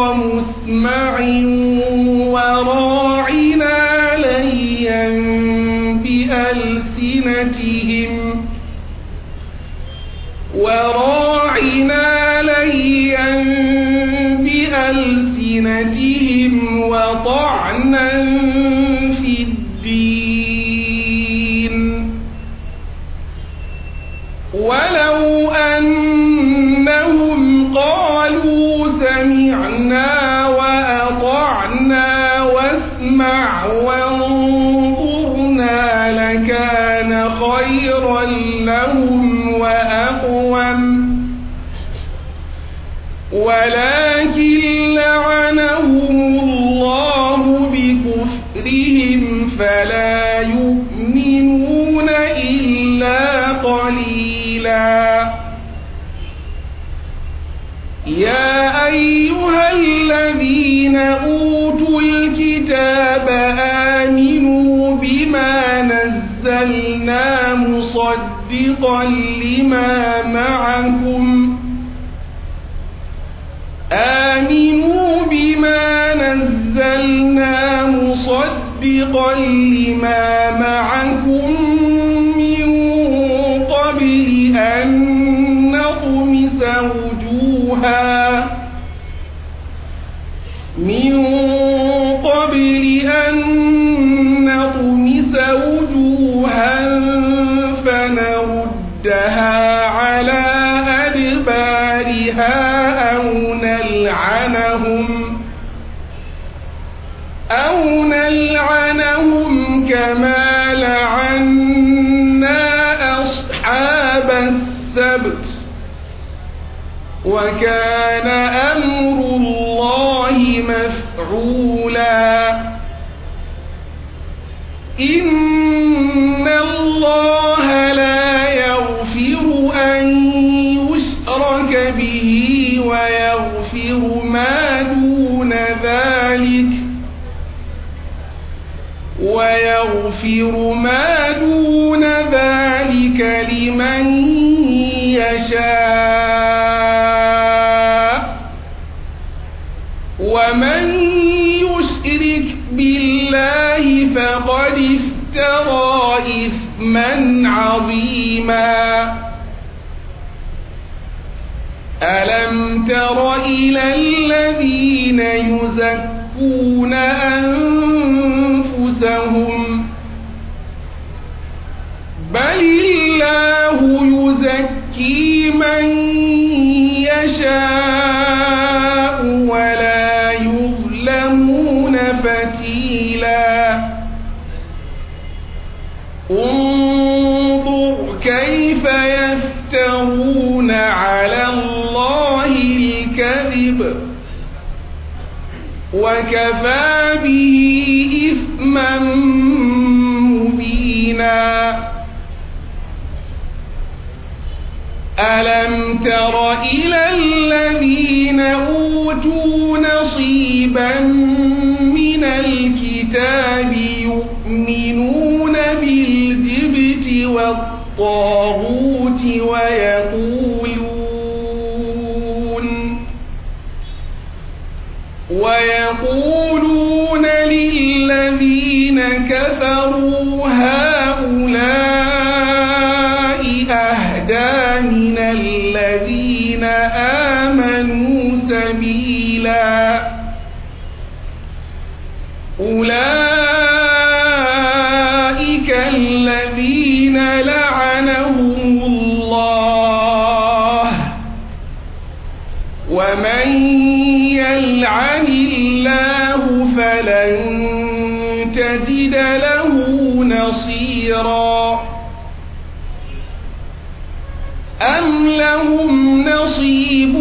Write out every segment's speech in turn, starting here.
from أوتوا الكتاب آمنوا بما نزلنا مصدقا لما معكم آمنوا بما نزلنا مصدقا لما معكم من قبل أن نطمس وجوهاً كما لعنا أصحاب السبت وكان أمر الله مفعولا يغفر ما دون ذلك لمن يشاء ومن يشرك بالله فقد افترى إثما عظيما ألم تر إلى الذين يزكون أنفسهم بل الله يزكي من يشاء ولا يظلمون فتيلا انظر كيف يفترون على الله الكذب وكفى به إثما ألم تر إلى الذين أوتوا نصيبا من الكتاب يؤمنون بالجبت والطاغوت ويقولون ويقولون للذين كفروا هؤلاء تجد له نصيرا أم لهم نصيب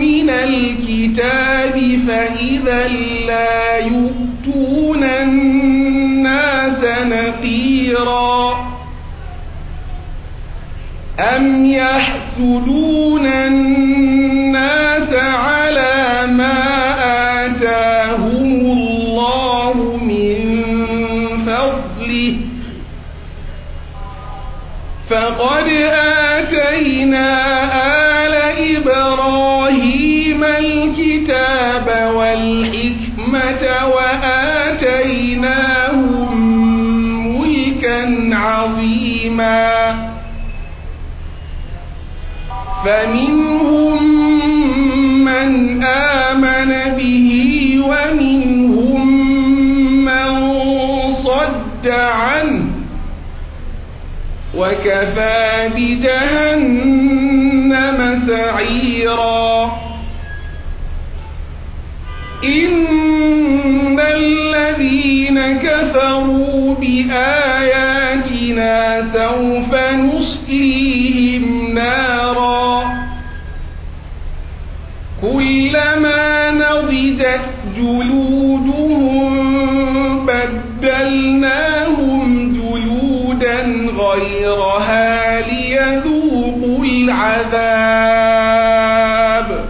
من الكتاب فإذا لا يؤتون الناس نقيرا أم يحسدون الناس على ما فقد آتينا آل إبراهيم الكتاب والحكمة وآتيناهم ملكا عظيما فمنهم من آمن به ومنهم من صد عنه وكفى بجهنم سعيرا إن الذين كفروا بآياتنا سوف نصليهم نارا كلما نضجت جلودهم بدلناهم غيرها ليذوقوا العذاب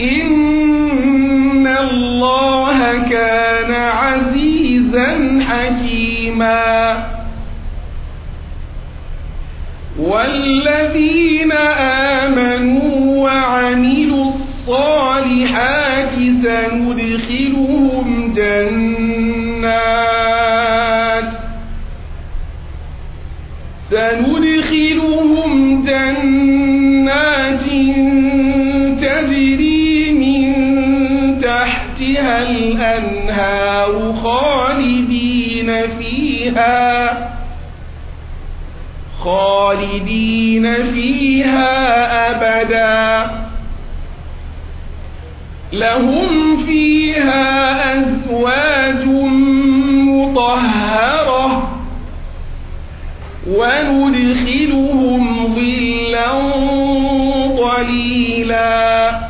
إن الله كان عزيزا حكيما والذين آمنوا وعملوا الصالحات سندخلهم جنات الأنهار خالدين فيها خالدين فيها أبدا لهم فيها أزواج مطهرة وندخلهم ظلا طليلاً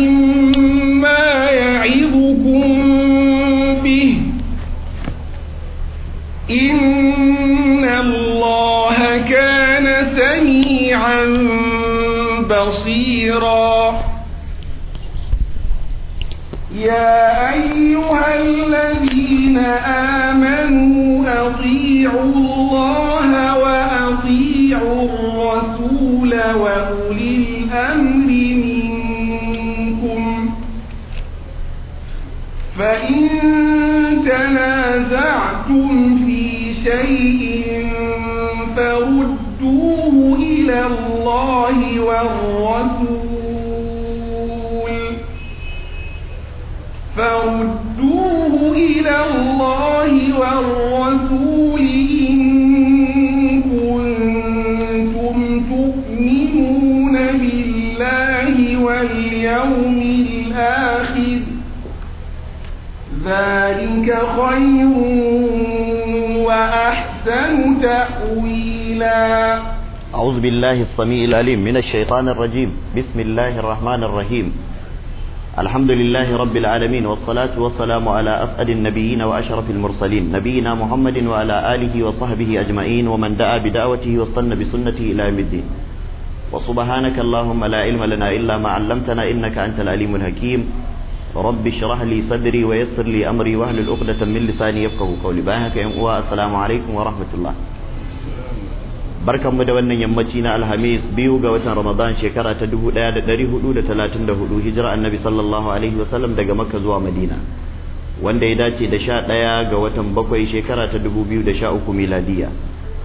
الذين آمنوا أطيعوا الله وأطيعوا الرسول وأولي الأمر منكم فإن تنازعتم في شيء فردوه إلى الله والرسول إن كنتم تؤمنون بالله واليوم الآخر ذلك خير وأحسن تأويلا أعوذ بالله الصميء العليم من الشيطان الرجيم بسم الله الرحمن الرحيم الحمد لله رب العالمين والصلاة والسلام على أسعد النبيين وأشرف المرسلين نبينا محمد وعلى آله وصحبه أجمعين ومن دعا بدعوته واصطن بسنته إلى يوم الدين وسبحانك اللهم لا علم لنا إلا ما علمتنا إنك أنت العليم الحكيم رب اشرح لي صدري ويسر لي أمري واهل الأقدة من لساني يفقه قولي باهك السلام عليكم ورحمة الله barkan mu da wannan yammaci na alhamis biyu ga watan ramadan shekara ta 1434 hijira annabi sallallahu alaihi wasallam daga makka zuwa madina wanda ya dace da sha ɗaya ga watan bakwai shekara ta 2013 miladiya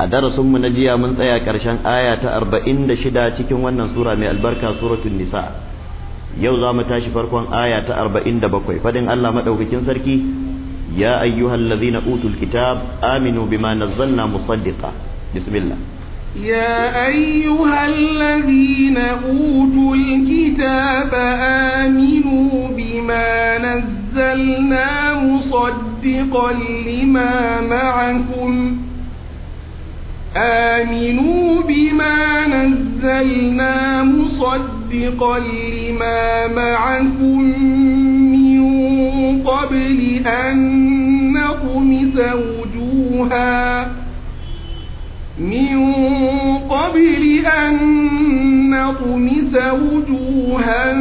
a darasin mu na jiya mun tsaya karshen aya ta 46 cikin wannan sura mai albarka suratul nisa yau za mu tashi farkon aya ta 47 fadin Allah maɗaukakin sarki ya ayyuhallazina utul kitab aminu bima nazzalna musaddiqa bismillah يا أيها الذين أوتوا الكتاب آمنوا بما نزلنا مصدقا لما معكم آمنوا بما نزلنا مصدقا لما معكم من قبل أن نطمس وجوهاً من قبل أن نطمس وجوها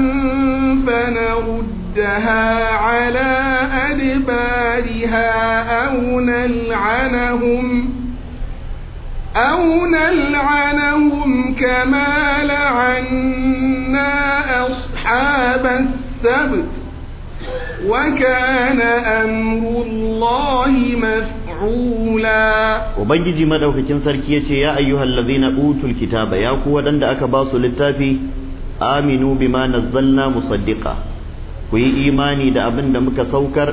فنردها على أدبارها أو نلعنهم أو نلعنهم كما لعنا أصحاب السبت وكان أمر الله مفتوحا ubangiji madaukakin sarki yace ya ayyuhal ladina utul kitaba ya ku wadanda aka ba su littafi aminu bima nazzalna musaddiqa ku yi imani da abin da muka saukar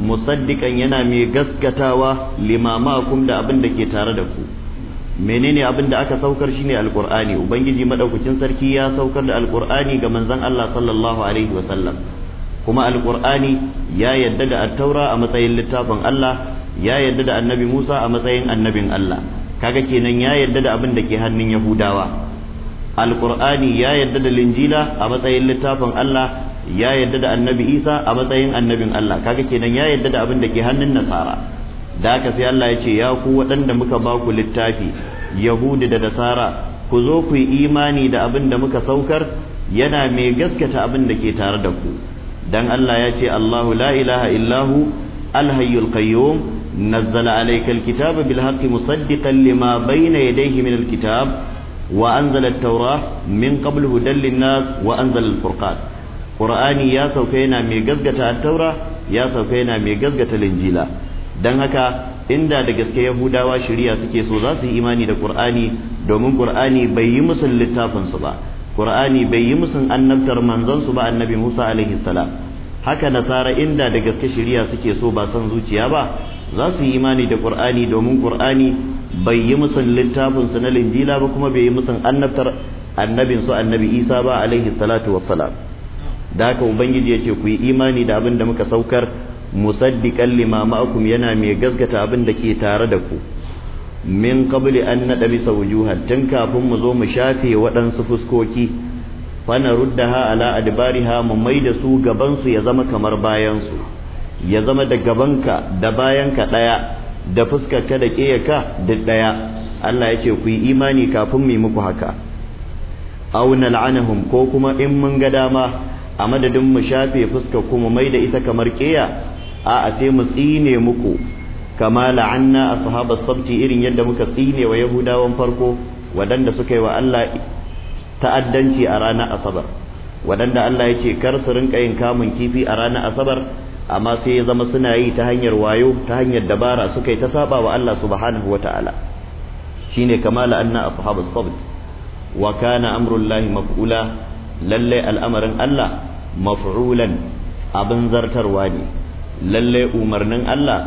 musaddiqan yana mai gaskatawa limama kum da abin da ke tare da ku menene abin da aka saukar shine alqur'ani ubangiji madaukakin sarki ya saukar da alqur'ani ga manzon Allah sallallahu alaihi wasallam kuma alqur'ani ya yadda da at-taura a matsayin littafin Allah ya yarda da annabi Musa a matsayin annabin Allah kaga kenan ya yarda da abin da ke hannun Yahudawa alqur'ani ya yarda da linjila a matsayin littafin Allah ya yarda da annabi Isa a matsayin annabin Allah kaga kenan ya yarda da abin da ke hannun Nasara da haka sai Allah ya ce ya ku waɗanda muka ba ku littafi yahudu da Nasara ku zo ku yi imani da abin da muka saukar yana mai gaskata abin da ke tare da ku dan Allah ya ce Allahu la ilaha illahu alhayyul qayyum نزل عليك الكتاب بالحق مصدقا لما بين يديه من الكتاب وأنزل التوراة من قبل هدى للناس وأنزل الفرقان قرآني يا سوكينا ميقزقة التوراة يا سوكينا ميقزقة الإنجيلة don haka inda da gaske yahudawa shiriya suke so za su yi imani da Kur'ani domin qur'ani bai yi musu littafin ba qur'ani bai yi musu annabtar manzon su ba annabi Musa alaihi haka nasara inda da gaske shiriya suke so ba san zuciya ba za su yi imani da ƙur'ani domin ƙur'ani bai yi musun littafin su na linjila ba kuma bai yi musun annabtar annabin su annabi isa ba alaihi salatu salam da haka ubangiji yace ku yi imani da abin da muka saukar musaddiqan lima ma'akum yana mai gaskata abin da ke tare da ku min qabli an bisa wujuhan tun kafin mu zo mu shafe waɗansu fuskoki fana ruddaha ala adbariha mu maida su gaban su ya zama kamar bayansu. ya zama da gabanka da bayanka ɗaya da fuskarka da ka duk ɗaya Allah ya ce ku yi imani kafin mu muku haka aw nal'anahum ko kuma in mun ga dama a madadin mu shafe fuskar kuma mai da ita kamar ƙeya a a sai mu tsine muku kama la'anna ashabar sabti irin yadda muka tsine wa yahudawan farko waɗanda suka yi wa Allah ta'addanci a ranar asabar waɗanda Allah ya ce kar su rinka yin kamun kifi a ranar asabar amma sai ya zama suna yi ta hanyar wayo ta hanyar dabara suka yi ta saba wa Allah subhanahu wata'ala shine kamala anna ashabus sabr wa kana amrullahi maf'ula lalle al'amarin Allah maf'ulan abin zartarwa ne lalle umarnin Allah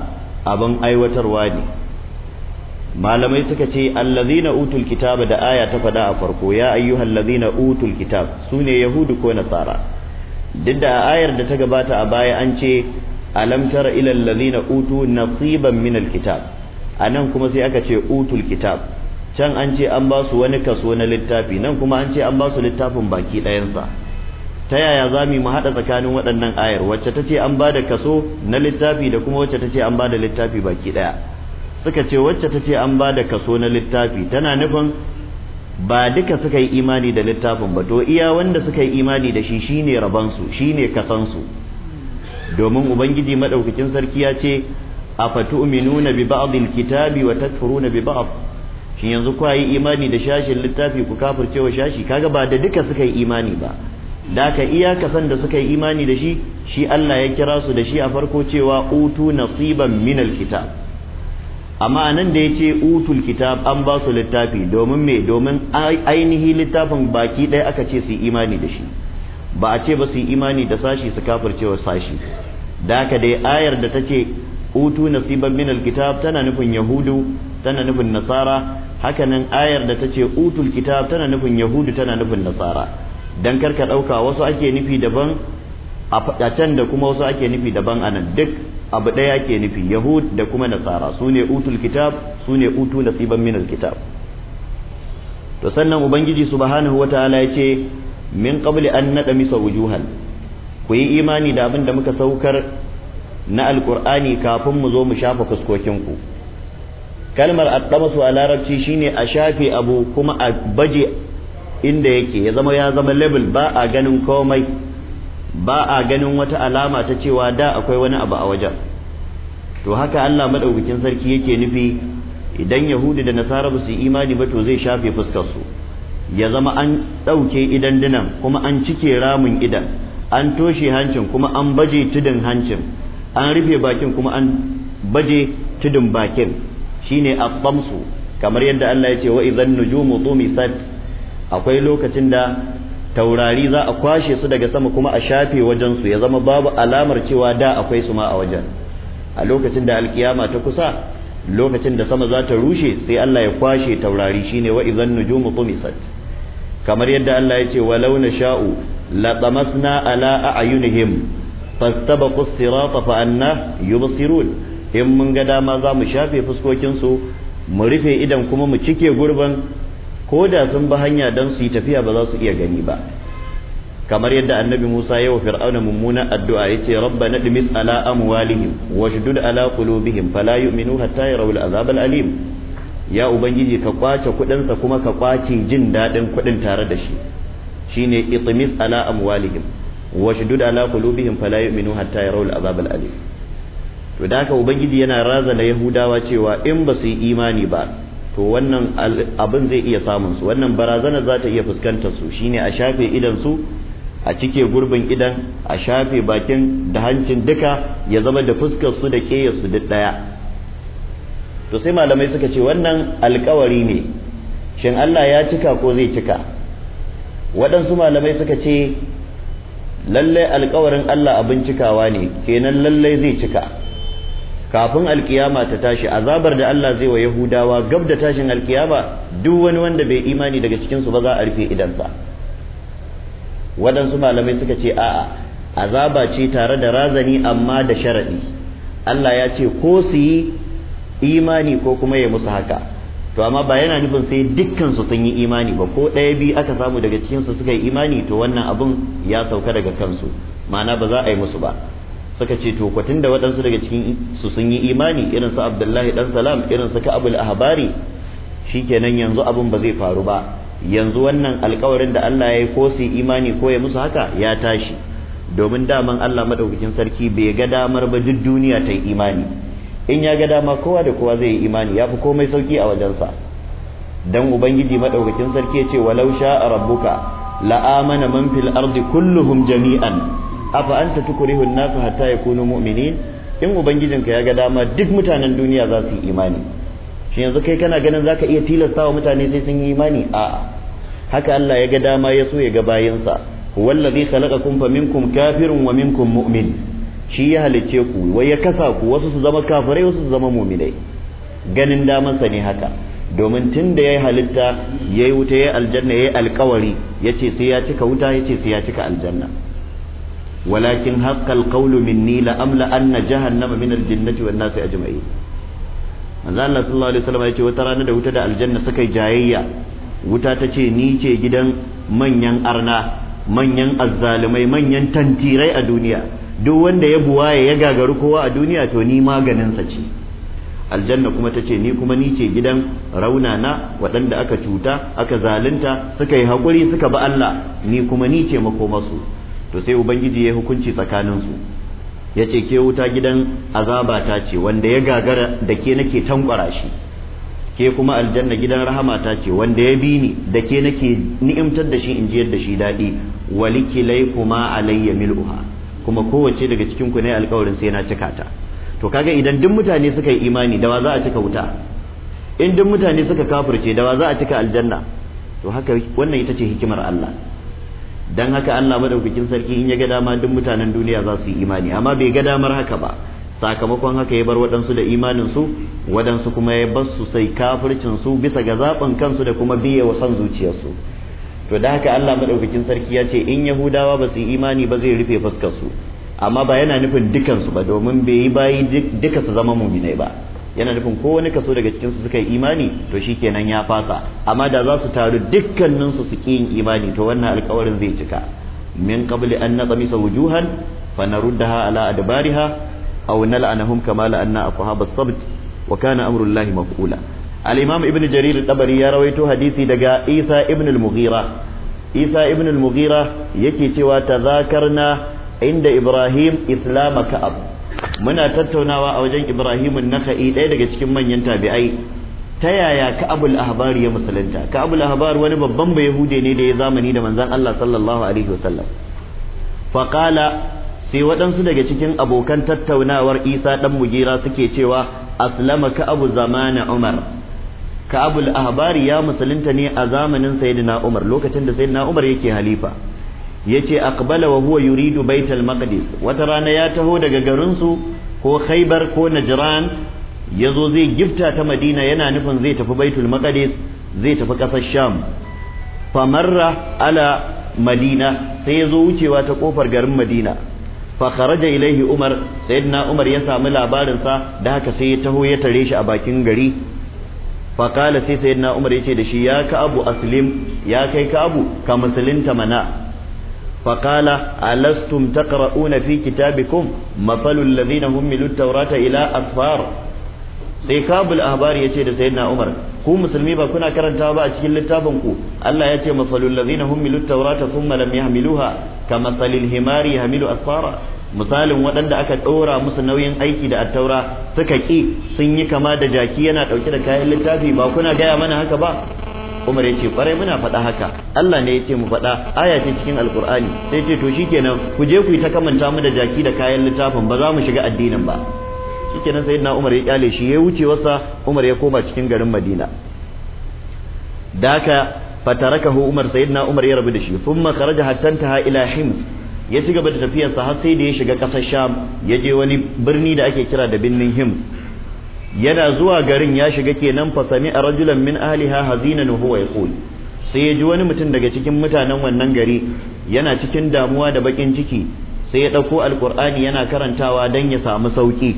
abin aiwatarwa ne malamai suka ce allazina utul kitaba da aya ta fada a farko ya ayyuhallazina utul kitab sune yahudu ko nasara duk da ayar da ta gabata a baya an ce alam tara ila allazina utu nasiban min alkitab anan kuma sai aka ce utul kitab can an ce an ba su wani kaso na littafi nan kuma an ce an ba su littafin baki ɗayansa ta yaya za mu haɗa tsakanin waɗannan ayar wacce ta ce an ba da kaso na littafi da kuma wacce ta ce an ba da littafi baki ɗaya suka ce wacce ta ce an ba da kaso na littafi tana nufin ba duka suka yi imani da littafin ba to iya wanda suka yi imani da shi shine rabansu shine kasansu domin ubangiji madaukakin sarki ya ce a fatu'minuna bi ba'dil kitabi wa takfuruna bi ba'd shin yanzu ku yi imani da shashin littafi ku kafircewa shashi kaga ba da duka suka yi imani ba daka iya kasan da suka yi imani da shi shi Allah ya kira su da shi a farko cewa utu nasiban minal kitab amma nan da yace utul kitab an ba su littafi domin me domin ainihi littafin baki ɗaya aka ce su imani da shi ba a ce ba su imani da sashi su kafircewa sashi da haka dai ayar da take utu nasiban min alkitab tana nufin yahudu tana nufin nasara hakanan ayar da tace utul kitab tana nufin yahudu tana nufin nasara dan karka dauka wasu ake nufi daban a can da kuma wasu ake nufi daban anan duk abu ɗaya ke nufi yahud da kuma nasara su ne utul kitab su ne utu nasiban minal kitab to sannan ubangiji subhanahu wataala ya ce min qabli an nada misa wujuhan ku yi imani da abin da muka saukar na alkur'ani kafin mu zo mu shafa fuskokin ku. kalmar addamasu a larabci shine a shafe abu kuma a baje inda yake ya zama ya zama level ba a ganin komai ba a ganin wata alama ta cewa da akwai wani abu a wajen to haka Allah madaukakin sarki yake nufi idan yahudi da nasara ba su imani ba to zai shafe fuskar su ya zama an ɗauke idan dinan kuma an cike ramin idan an toshe hancin kuma an baje tudun hancin an rufe bakin kuma an baje tudun bakin shine asbamsu kamar yadda Allah ya ce wa idan nujumu tumisat akwai lokacin da taurari za a kwashe su daga sama kuma a shafe wajen su ya zama babu alamar cewa da akwai su ma a wajen a lokacin da alkiyama ta kusa lokacin da sama za ta rushe sai Allah ya kwashe taurari shine wa idzan nujumu tumisat kamar yadda Allah ya ce walau sha'u la tamasna ala a'yunihim fastabaqu as-sirata fa anna yubsirun in mun ga dama za mu shafe fuskokin su mu rufe idan kuma mu cike gurbin ko da sun ba hanya don su yi tafiya ba za su iya gani ba kamar yadda annabi Musa ya wa fir'auna mummunan addu'a yace rabbana dimis ala amwalihim washdud ala qulubihim fala yu'minu hatta yarawul azab alim ya ubangiji ka kwace kudin kuma ka kwace jin dadin kudin tare da shi shine itmis ala amwalihim washdud ala qulubihim fala yu'minu hatta yarawul azab alim to da haka ubangiji yana razana yahudawa cewa in ba su yi imani ba to wannan abin zai iya samun su wannan barazana za ta iya fuskantar su shine a shafe idan su a cike gurbin idan a shafe bakin da hancin duka ya zama da fuskar su da keyar su duk daya to sai malamai suka ce wannan alkawari ne shin Allah ya cika ko zai cika waɗansu malamai suka ce lallai alkawarin Allah abin cikawa ne kenan lallai zai cika kafin alkiyama ta tashi azabar da Allah zai wa yahudawa gab da tashin alkiyama duk wani wanda bai imani daga cikin su ba za a rufe idansa waɗansu malamai suka ce a'a azaba ce tare da razani amma da sharaɗi Allah ya ce ko su yi imani ko kuma ya musu haka to amma ba yana nufin sai dukkan su sun yi imani ba ko ɗaya biyu aka samu daga cikin su suka yi imani to wannan abun ya sauka daga kansu ma'ana ba za a yi musu ba suka ce to kwatin da waɗansu daga cikin su sun yi imani irin su abdullahi dan salam irin su ka'abul ahbari shikenan yanzu abin ba zai faru ba yanzu wannan alkawarin da Allah ya yi ko su imani ko ya musu haka ya tashi domin daman Allah madaukakin sarki bai ga damar ba duk duniya ta yi imani in ya ga dama kowa da kowa zai yi imani ya fi komai sauki a wajensa dan ubangiji madaukakin sarki ya ce walau a rabbuka la'amana man fil ardi kulluhum jami'an afa anta tukrihu an-nas hatta yakunu mu'minin in ubangijinka ya ga dama duk mutanen duniya za su yi imani shi yanzu kai kana ganin zaka iya tilasta wa mutane sai sun yi imani a haka Allah ya ga dama ya so ya ga bayinsa huwa allazi khalaqakum faminkum kafirun wa minkum mu'min shi ya halice ku wai ya kasa ku wasu su zama kafirai wasu su zama mu'minai ganin damansa ne haka domin tun da ya yi halitta ya yi wuta ya yi aljanna ya yi alkawari ya ce sai ya cika wuta ya ce sai ya cika aljanna walakin haqqal kaulumin ni la amla anna jahannama min al-jannati wan nasi ajma'in manzo Allah sallallahu alaihi wasallam yace wata rana da wuta da aljanna suka jayayya wuta ta ce ni ce gidan manyan arna manyan azzalumai manyan tantirai a duniya duk wanda ya buwaye ya gagaru kowa a duniya to ni maganinsa ce aljanna kuma ta ce ni kuma ni ce gidan raunana waɗanda aka cuta aka zalunta suka yi haƙuri suka bi Allah ni kuma ni ce makomasu to sai ubangiji ya hukunci tsakanin su ya ce ke wuta gidan azaba ta ce wanda ya gagara da ke nake tankwara shi ke kuma aljanna gidan rahama ta ce wanda ya bi ni da ke nake ni'imtar da shi in jiyar da shi daɗi walikilai kuma alayya mil'uha kuma kowace daga cikin ku ne alkawarin sai na cika ta to kaga idan duk mutane suka yi imani da wa za a cika wuta in duk mutane suka kafirce da wa za a cika aljanna to haka wannan ita ce hikimar Allah dan haka Allah madaukakin sarki in ya ga dama duk mutanen duniya za su yi imani amma bai ga damar haka ba sakamakon haka ya bar waɗansu da imanin su waɗansu kuma ya bar su sai kafircin su bisa ga zaɓin kansu da kuma biye wa son zuciyarsu to da haka Allah madaukakin sarki ya ce in yahudawa ba su yi imani ba zai rufe fuskar su amma ba yana nufin dukansu ba domin bai yi bayi duka su zama muminai ba yana nufin ko wani kaso daga cikin su suka yi imani to shikenan ya fasa amma da za su taru dukkanin su su yin imani to wannan alƙawarin zai cika min qabli an naqmisa wujuhan fa naruddaha ala adbariha aw nal'anahum kama la'anna ashabas sabt wa kana amru llahi maf'ula al-imam ibn jarir al-tabari ya rawaito hadisi daga isa ibn al-mughira isa ibn al-mughira yake cewa tazakarna inda ibrahim isla ka'ab muna tattaunawa a wajen ibrahimun naka'i ɗaya daga cikin manyan tabi'ai ta yaya ka'abul ahbar ya musulunta ka'abul ahbar wani babban ba yahude ne da ya zamani da manzon Allah sallallahu alaihi wasallam faqala sai waɗansu daga cikin abokan tattaunawar isa ɗan mugira suke cewa aslama ka'abu zamana umar ka'abul Ahbar ya musulunta ne a zamanin sayyidina umar lokacin da sayyidina umar yake halifa yace aqbala wa huwa yuridu baital maqdis wata rana ya taho daga garin su ko khaybar ko najran yazo zai gifta ta madina yana nufin zai tafi baitul maqdis zai tafi kasar sham famarra ala madina sai yazo wucewa ta kofar garin madina fa kharaja ilaihi umar sayyidina umar ya samu labarin sa da haka sai ya taho ya tare shi a bakin gari fa kala sai sayyidina umar yace da shi ya ka abu aslim ya kai ka abu ka musulunta mana فقال ألستم تقرؤون في كتابكم مثل الذين هم ملوا التوراة إلى أصفار sai kabul ahbari ya ce da sayyidina umar ku musulmi ba kuna karanta ba a cikin littafin ku Allah ya ce masalul ladzina hum milut tawrata thumma lam yahmiluha kama salil himari hamilu asfara misalin waɗanda aka ɗora musu nauyin aiki da attaura suka ki sun yi kama da jaki yana ɗauke da kayan littafi ba kuna gaya mana haka ba Umar ya ce kwarai muna faɗa haka Allah ne ya ce mu faɗa aya ce cikin alkur'ani sai ce to shikenan ku je ku yi ta kamanta mu da jaki da kayan littafin ba za mu shiga addinin ba shikenan na Umar ya kyale shi ya wuce wasa Umar ya koma cikin garin Madina daka fatarakahu Umar sayyidina Umar ya rabu da shi thumma kharaja hatta taha ila Hims ya ci gaba da tafiyarsa har sai da ya shiga ƙasar Sham ya je wani birni da ake kira da birnin Hims yana zuwa garin ya shiga kenan fa sami rajulan min ahliha hazinan huwa yaqul sai ya ji wani mutum daga cikin mutanen wannan gari yana cikin damuwa da bakin ciki sai ya dauko alkur'ani yana karantawa dan ya samu sauƙi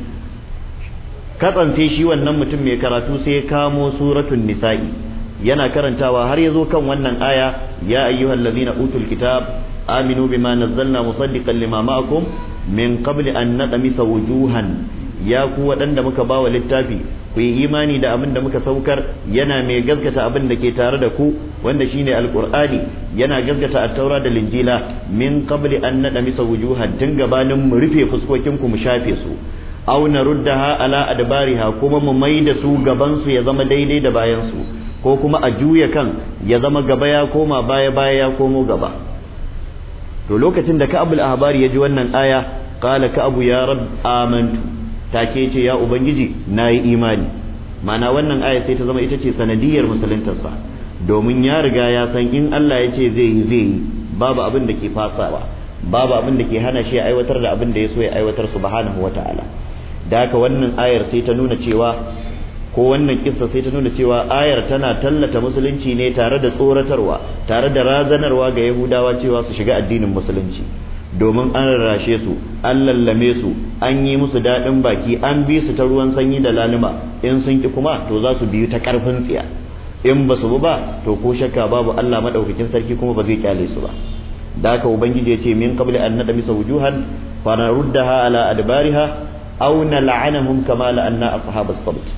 katsance shi wannan mutum mai karatu sai ya kamo suratun nisa'i yana karantawa har ya zo kan wannan aya ya ayyuhal ladina utul kitab aminu bima nazzalna musaddiqan lima ma'akum min qabli an naqmisa wujuhan ya ku waɗanda muka bawa littafi ku yi imani da abin da muka saukar yana mai gaskata abin da ke tare da ku wanda shine alqur'ani yana gaskata at-taura da linjila min qabli an nadamisa wujuhan tun gabanin mu rufe fuskokin ku mu shafe su aw naruddaha ala adbariha kuma mu maida su gaban su ya zama daidai da bayan su ko kuma a juya kan ya zama gaba ya koma baya baya ya komo gaba to lokacin da ka abul ahbari ya ji wannan aya qala abu ya rab amantu take ce ya ubangiji na yi imani mana wannan aya sai ta zama ita ce sanadiyar musuluntarsa domin ya riga ya san in Allah ya ce zai yi zai yi babu abin da ke fasawa babu abin da ke hana shi aiwatar da abin da ya so ya aiwatar subhanahu wataala da haka wannan ayar sai ta nuna cewa ko wannan kissa sai ta nuna cewa ayar tana tallata musulunci ne tare da tsoratarwa tare da razanarwa ga yahudawa cewa su shiga addinin musulunci domin an rarrashe su an lallame su an yi musu daɗin baki an bi su ta ruwan sanyi da laluma in sun ki kuma to za su biyu ta ƙarfin tsiya in ba su ba to ko shakka babu Allah maɗaukakin sarki kuma ba zai kyale su ba da haka ubangiji ya ce min qabli an nadmisa wujuhan fa naruddaha ala adbariha aw nal'anahum kama la'anna ashabas sabt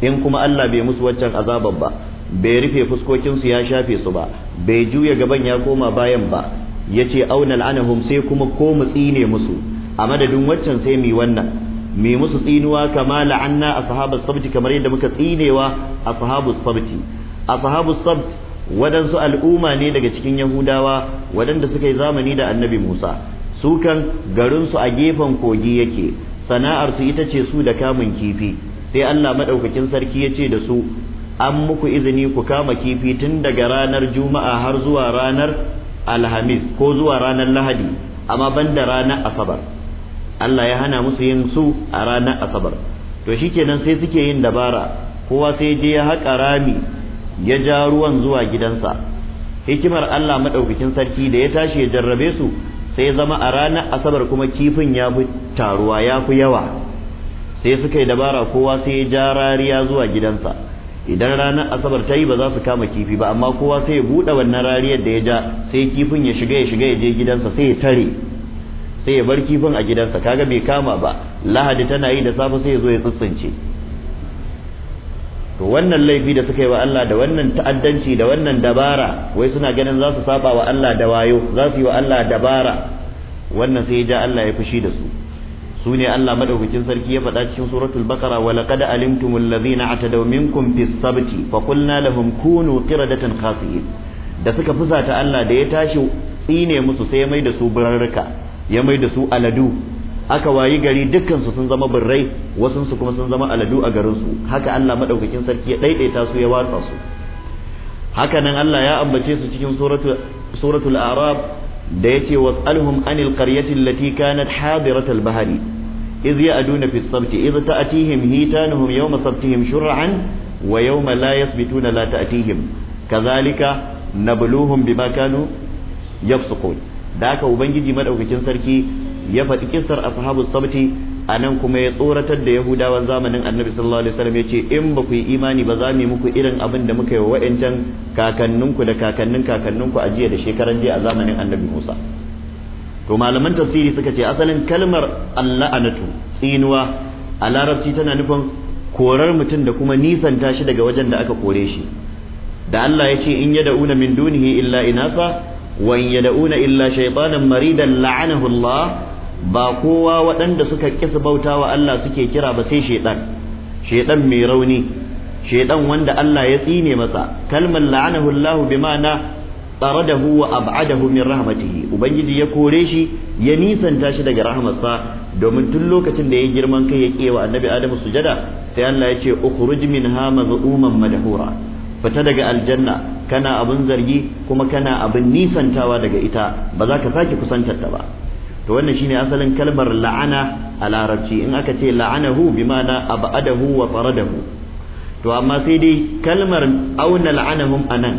in kuma Allah bai musu waccan azabar ba bai rufe fuskokinsu ya shafe su ba bai juya gaban ya koma bayan ba yace auna la'anahum sai kuma ko mu tsine musu a madadin waccan sai mi wannan mi musu tsinuwa kama la'anna sahabar sabti kamar yadda muka tsinewa a sahabar sabti sahabar sabti waɗansu al'umma ne daga cikin yahudawa waɗanda suka yi zamani da annabi Musa su kan garinsu a gefen kogi yake sana'ar su ita ce su da kamun kifi sai Allah maɗaukakin sarki ya ce da su an muku izini ku kama kifi tun daga ranar juma'a har zuwa ranar alhamis ko zuwa ranar lahadi amma banda ranar asabar Allah ya hana musu yin su a ranar asabar to shikenan sai suke yin dabara kowa sai je ya haƙa rami ya ja ruwan zuwa gidansa hikimar Allah madaukakin sarki da ya tashi ya jarrabe su sai zama a ranar asabar kuma kifin ya fi taruwa ya fi yawa sai suka yi dabara kowa sai ya ja rariya zuwa gidansa idan ranar asabar ta yi ba za su kama kifi ba amma kowa sai ya buɗe wannan rariyar da ya ja sai kifin ya shiga ya shiga ya je gidansa sai ya tare sai ya bar kifin a gidansa kaga bai kama ba lahadi tana yi da safe sai ya zo ya tsitsince to wannan laifi da suka yi wa Allah da wannan ta'addanci da wannan dabara wai suna ganin za su saba wa Allah da wayo za su yi wa Allah dabara wannan sai ya ja Allah ya fushi da su su ne Allah madaukakin sarki ya faɗa cikin suratul bakara wa laqad alimtumul ladzina atadaw minkum fis sabti fa qulna lahum kunu qiradatan khasi'in da suka fusata Allah da ya tashi tsine musu sai ya mai da su burarruka ya mai da su aladu aka wayi gari dukkan su sun zama burrai wasu su kuma sun zama aladu a garin su haka Allah madaukakin sarki ya daidaita su ya watsa su haka nan Allah ya ambace su cikin suratul suratul a'raf da yake was'alhum anil qaryati allati kanat hadirat al-bahri idh ya'duna fi as-sabt idh ta'tihim hitanuhum yawma sabtihim shur'an wa yawma la yasbituna la ta'tihim kadhalika nabluhum bima kanu yafsukun da haka ubangiji madaukakin sarki ya faɗi kissar ashabu sabti a nan kuma ya tsoratar da yahudawan zamanin annabi sallallahu alaihi wasallam ya ce in ba ku yi imani ba za mu yi muku irin abin da muka yi wa wa'ancan kakanninku da kakannin kakanninku a jiya da shekaran jiya a zamanin annabi musa to malaman tafsiri suka ce asalin kalmar alla'anatu tsinuwa a larabci tana nufin korar mutum da kuma nisanta shi daga wajen da aka kore shi da Allah ya ce in yad'una min dunihi illa inasa wa in yad'una illa shaytanan maridan la'anahu Allah ba kowa waɗanda suka kisa bauta wa Allah suke kira ba sai shaidan shaidan mai rauni shaidan wanda Allah ya tsine masa kalmar la'anahu Allah bima'ana tsaradahu wa ab'adahu min rahmatihi ubangiji ya kore shi ya nisanta shi daga rahmarsa domin tun lokacin da ya girman kai ya kewa annabi adamu sujada sai Allah ya ce ukhruj minha mazuman madhura fita daga aljanna kana abun zargi kuma kana abun nisantawa daga ita ba za ka sake kusantar ta ba to wannan shine asalin kalmar la'ana a larabci in aka ce la'anahu bi ma'ana abadahu wa faradahu to amma sai dai kalmar auna la'anahum anan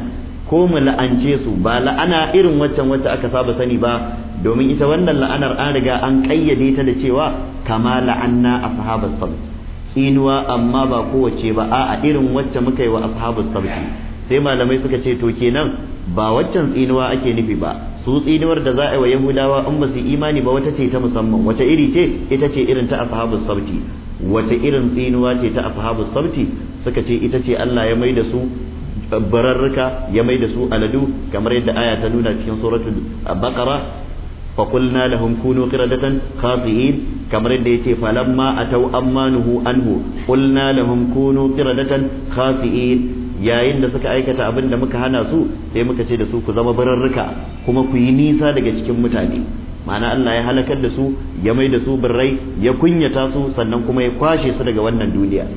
ko mu la'ance su ba la'ana irin waccan wacce aka saba sani ba domin ita wannan la'anar an riga an kayyade ta da cewa kama la'anna ashabas sabt inuwa amma ba kowace ba a irin wacce muka yi wa ashabus sabt sai malamai suka ce to kenan ba waccan tsinuwa ake nufi ba su tsinuwar da za a yi wa yahudawa in ba su imani ba wata ce ta musamman wata iri ce ita ce irin ta ashabus sabti wata irin tsinuwa ce ta ashabus sabti suka ce ita ce Allah ya mai da su bararruka ya mai da su aladu kamar yadda aya ta nuna cikin suratul baqara فقلنا لهم كونوا قردة خاطئين كما يتي فلما أتوا أمانه أنه قلنا لهم كونوا قردة خاطئين yayin da suka aikata abin da muka hana su sai muka ce da su ku zama bararruka kuma ku yi nisa daga cikin mutane ma'ana Allah ya halakar da su ya mai da su birrai ya kunyata su sannan kuma ya kwashe su daga wannan duniya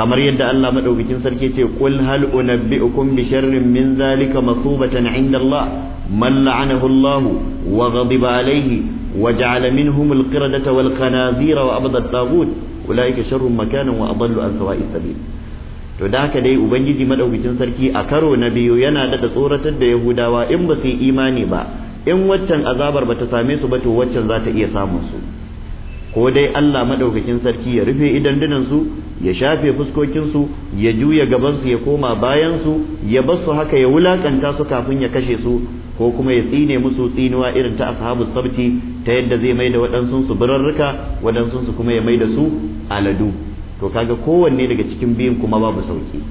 kamar yadda Allah madaukakin sarki ce qul hal unabbiukum bi sharrin min zalika masubatan inda Allah man la'anahu Allah wa ghadiba alayhi wa ja'ala minhum al-qiradata wal khanazira wa abada at-taghut ulaika sharrun makanan wa adallu an sawa'i sabil to da haka dai ubangiji madaukakin sarki a karo na biyu yana da tsoratar da yahudawa in ba su yi imani ba in waccan azabar ba ta same su ba to waccan za ta iya samun su ko dai Allah madaukakin sarki ya rufe idan su ya shafe fuskokin su ya juya gabansu ya koma bayan su ya bar su haka ya wulakanta su kafin ya kashe su ko kuma ya tsine musu tsinuwa irin ta ashabu sabti ta yadda zai maida waɗansu su birarruka waɗansu kuma ya maida su aladu to kaga kowanne daga cikin biyun kuma babu sauki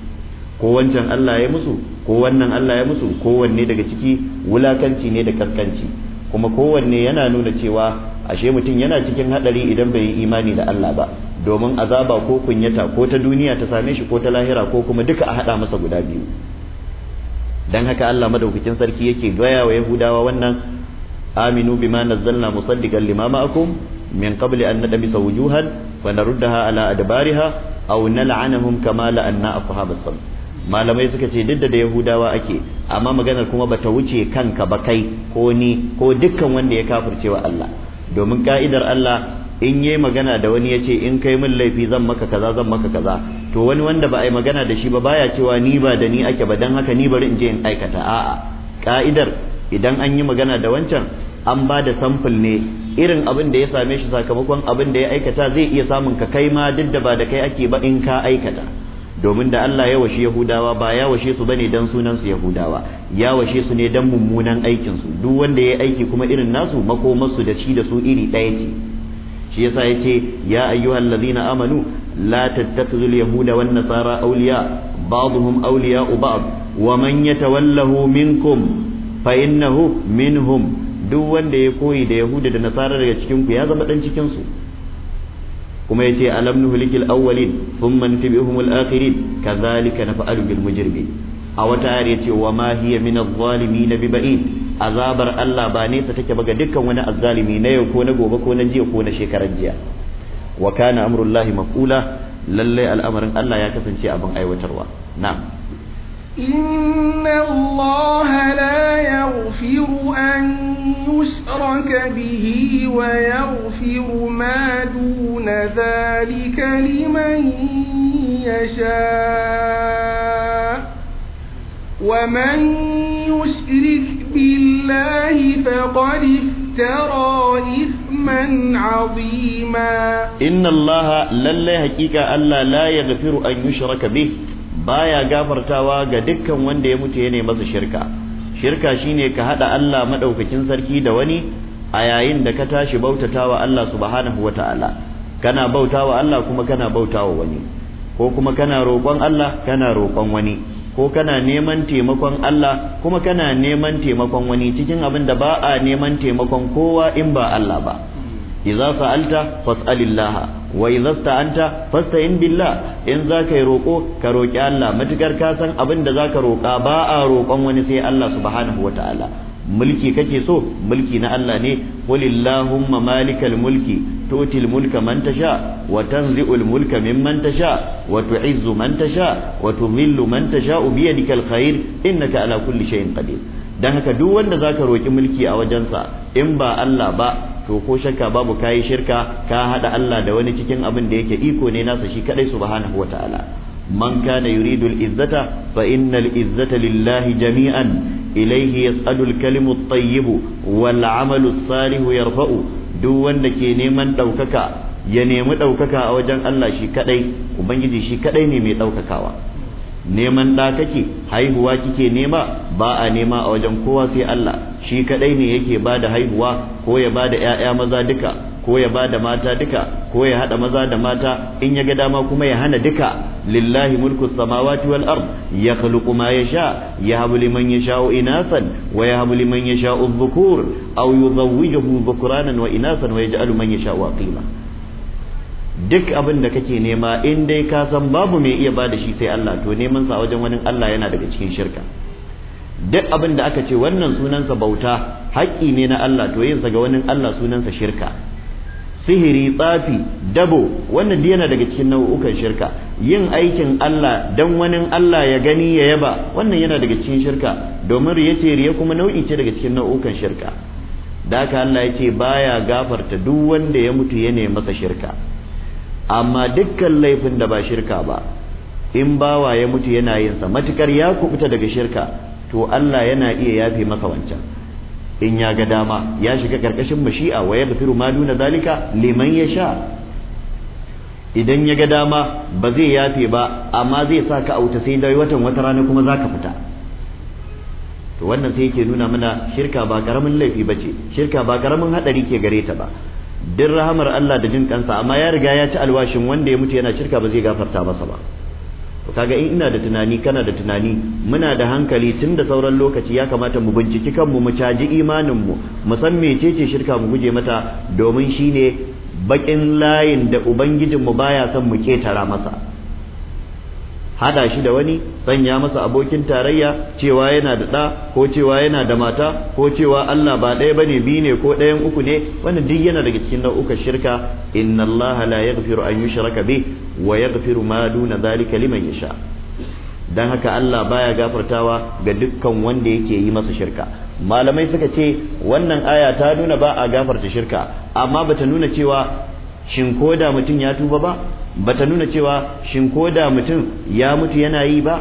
ko wancan Allah ya musu ko wannan Allah ya musu kowanne daga ciki wulakanci ne da kaskanci kuma kowanne yana nuna cewa ashe mutum yana cikin hadari idan bai yi imani da Allah ba domin azaba ko kunyata ko ta duniya ta same shi ko ta lahira ko kuma duka a hada masa guda biyu dan haka Allah madaukakin sarki yake gaya Yahudawa wannan aminu bima nazzalna musaddiqan lima ma'akum من قبل أن ندمس وجوها فنردها على أدبارها أو نلعنهم كما لأنا أصحاب الصمت malamai suka ce duk da yahudawa ake amma maganar kuma bata wuce kanka ba kai ko ni ko dukkan wanda ya wa Allah domin ka'idar Allah in yi magana da wani ya ce in kai min laifi zan maka kaza zan maka kaza to wani wanda ba a yi magana da shi ba baya cewa ni ba da ni ake ba don haka ni bari in je in aikata a'a ka'idar idan an yi magana da wancan an ba da samfil ne irin abin da ya same shi sakamakon abin da ya aikata zai iya samun ka kai ma duk da ba da kai ake ba in ka aikata domin da Allah ya washe Yahudawa ba ya washe su bane dan sunan su Yahudawa ya washe su ne dan mummunan aikin su duk wanda ya aiki kuma irin nasu makomar su da shi da su iri ɗaya ce shi yasa yace ya ayyuhal ladina amanu la tattakhidhu al yahuda wan nasara awliya ba'dhum awliya'u ba'd wa man yatawallahu minkum fa innahu minhum duk wanda ya koyi da yahuda da nasara daga cikin ku ya zama dan cikin su kuma yace alam nuhlikil awwalin thumma nutbihumul akhirin kadhalika naf'alu bil mujrimin a wata ayar yace wa ma hiya min adh-dhalimin bi ba'id azabar Allah ba nesa take ba ga dukkan wani azzalimi na yau ko na gobe ko na jiya ko na shekarar jiya wa kana amrullahi maqula lalle al'amarin Allah ya kasance abin aiwatarwa na'am إن الله لا يغفر أن يشرك به ويغفر ما دون ذلك لمن يشاء ومن يشرك بالله فقد افترى إثما عظيما إن الله لله حقيقة ألا لا يغفر أن يشرك به baya gafartawa ga dukkan wanda ya mutu yana masa shirka shirka shine ka hada Allah madaukakin sarki da wani a yayin da ka tashi bautatawa Allah subhanahu wataala kana bautawa Allah kuma kana bautawa wani ko kuma kana roƙon Allah kana roƙon wani ko kana neman taimakon Allah kuma kana neman taimakon wani cikin abin da ba a neman taimakon kowa in ba Allah ba idza sa'alta fas'alillah wa idza anta fasta'in billah in zaka yi roko ka roki Allah matukar ka san abin da zaka roka ba a rokon wani sai Allah subhanahu wataala mulki kake so mulki na Allah ne qulillahumma malikal mulki tutil mulka man tasha wa tanzi'ul mulka mimman tasha wa tu'izzu man tasha wa tudhillu man tasha bi yadikal khair innaka ala kulli shay'in qadir dan haka duk wanda zaka roki mulki a wajensa in ba Allah ba to ko shakka babu kayi shirka ka hada Allah da wani cikin abin da yake iko ne nasa shi kadai subhanahu wataala man kana yuridu al-izzata fa innal izzata lillahi jami'an ilayhi yas'alu al-kalimu at-tayyib wal 'amalu as-salihu yarfa'u duk wanda ke neman daukaka ya nemi daukaka a wajen Allah shi kadai ubangiji shi kadai ne mai daukakawa neman da kake haihuwa kike nema ba a nema a wajen kowa sai Allah shi kadai ne yake ba da haihuwa ko ya ba da 'ya'ya maza duka ko ya ba da mata duka ko ya haɗa maza da mata in ya ga dama kuma ya hana duka lillahi mulku samawati wal ard ya khluqu ma yasha ya habu liman yasha inasan wa ya habu liman yasha dhukur aw yuzawwijuhu dhukranan wa inasan wa yaj'alu man yasha aqima duk abin da kake nema in dai ka san babu mai iya bada shi sai Allah to neman sa wajen wani Allah yana daga cikin shirka duk abin da aka ce wannan sunansa bauta haƙƙi ne na Allah to yin sa ga wani Allah sunansa shirka sihiri tsafi dabo wannan duk yana daga cikin nau'ukan shirka yin aikin Allah dan wani Allah ya gani ya yaba wannan yana daga cikin shirka domin riya ce riya kuma nau'i ce daga cikin nau'ukan shirka da haka Allah ya ce baya gafarta duk wanda ya mutu ya nemi masa shirka amma dukkan laifin da ba shirka ba in bawa ya mutu yana yin sa matukar ya kubuta daga shirka to Allah yana iya yafe masa wancan in ya ga dama ya shiga karkashin mashi'a wa bafiru ma duna zalika liman sha. idan ya ga dama ba zai yafe ba amma zai sa ka auta sai dai watan wata rana kuma zaka fita to wannan sai yake nuna mana shirka ba karamin laifi bace shirka ba karamin hadari ke gare ta ba din rahamar Allah da jin kansa amma ya riga ya ci alwashin wanda ya mutu yana shirka ba zai gafarta masa ba to kaga in ina da tunani kana da tunani muna da hankali tun da sauran lokaci ya kamata mu binciki kanmu mu caji imanin mu mu san mecece shirka mu guje mata domin shine bakin layin da ubangijin mu baya son mu ketara masa hada shi da wani sanya masa abokin tarayya cewa yana da ɗa ko cewa yana da mata ko cewa Allah ba ɗaya bane biyu ne ko ɗayan uku ne wannan duk yana daga cikin nau'ukan shirka inna Allah la yaghfiru an yushraka bih wa yaghfiru ma duna zalika liman yasha dan haka Allah baya gafartawa ga dukkan wanda yake yi masa shirka malamai suka ce wannan aya ta nuna ba a gafarta shirka amma bata nuna cewa shin ko da mutum ya tuba ba bata nuna cewa shin ko da mutum ya mutu yana yi ba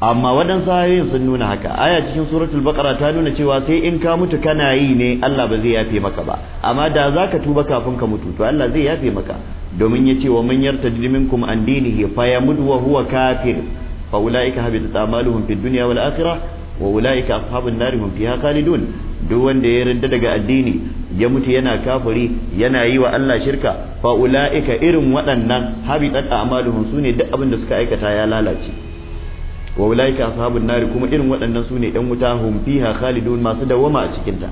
amma waɗansu ayoyin sun nuna haka aya cikin suratul baqara ta nuna cewa sai in ka mutu kana yi ne Allah ba zai yafe maka ba amma da za ka tuba kafin ka mutu to Allah zai yafe maka domin ya ce wa man yartajid minkum an dinihi fayamud wa huwa kafir fa ulaika habitat a'maluhum fid dunya wal akhirah wa ulaika ashabun nar hum fiha khalidun duk wanda ya yarda daga addini ya mutu yana kafiri yana yi wa Allah shirka faula'ika irin waɗannan habitat su ne duk abin da suka aikata ya lalace wa ulaika ashabun nari kuma irin waɗannan ne ɗan wuta hum fiha khalidun masu dawama a cikin ta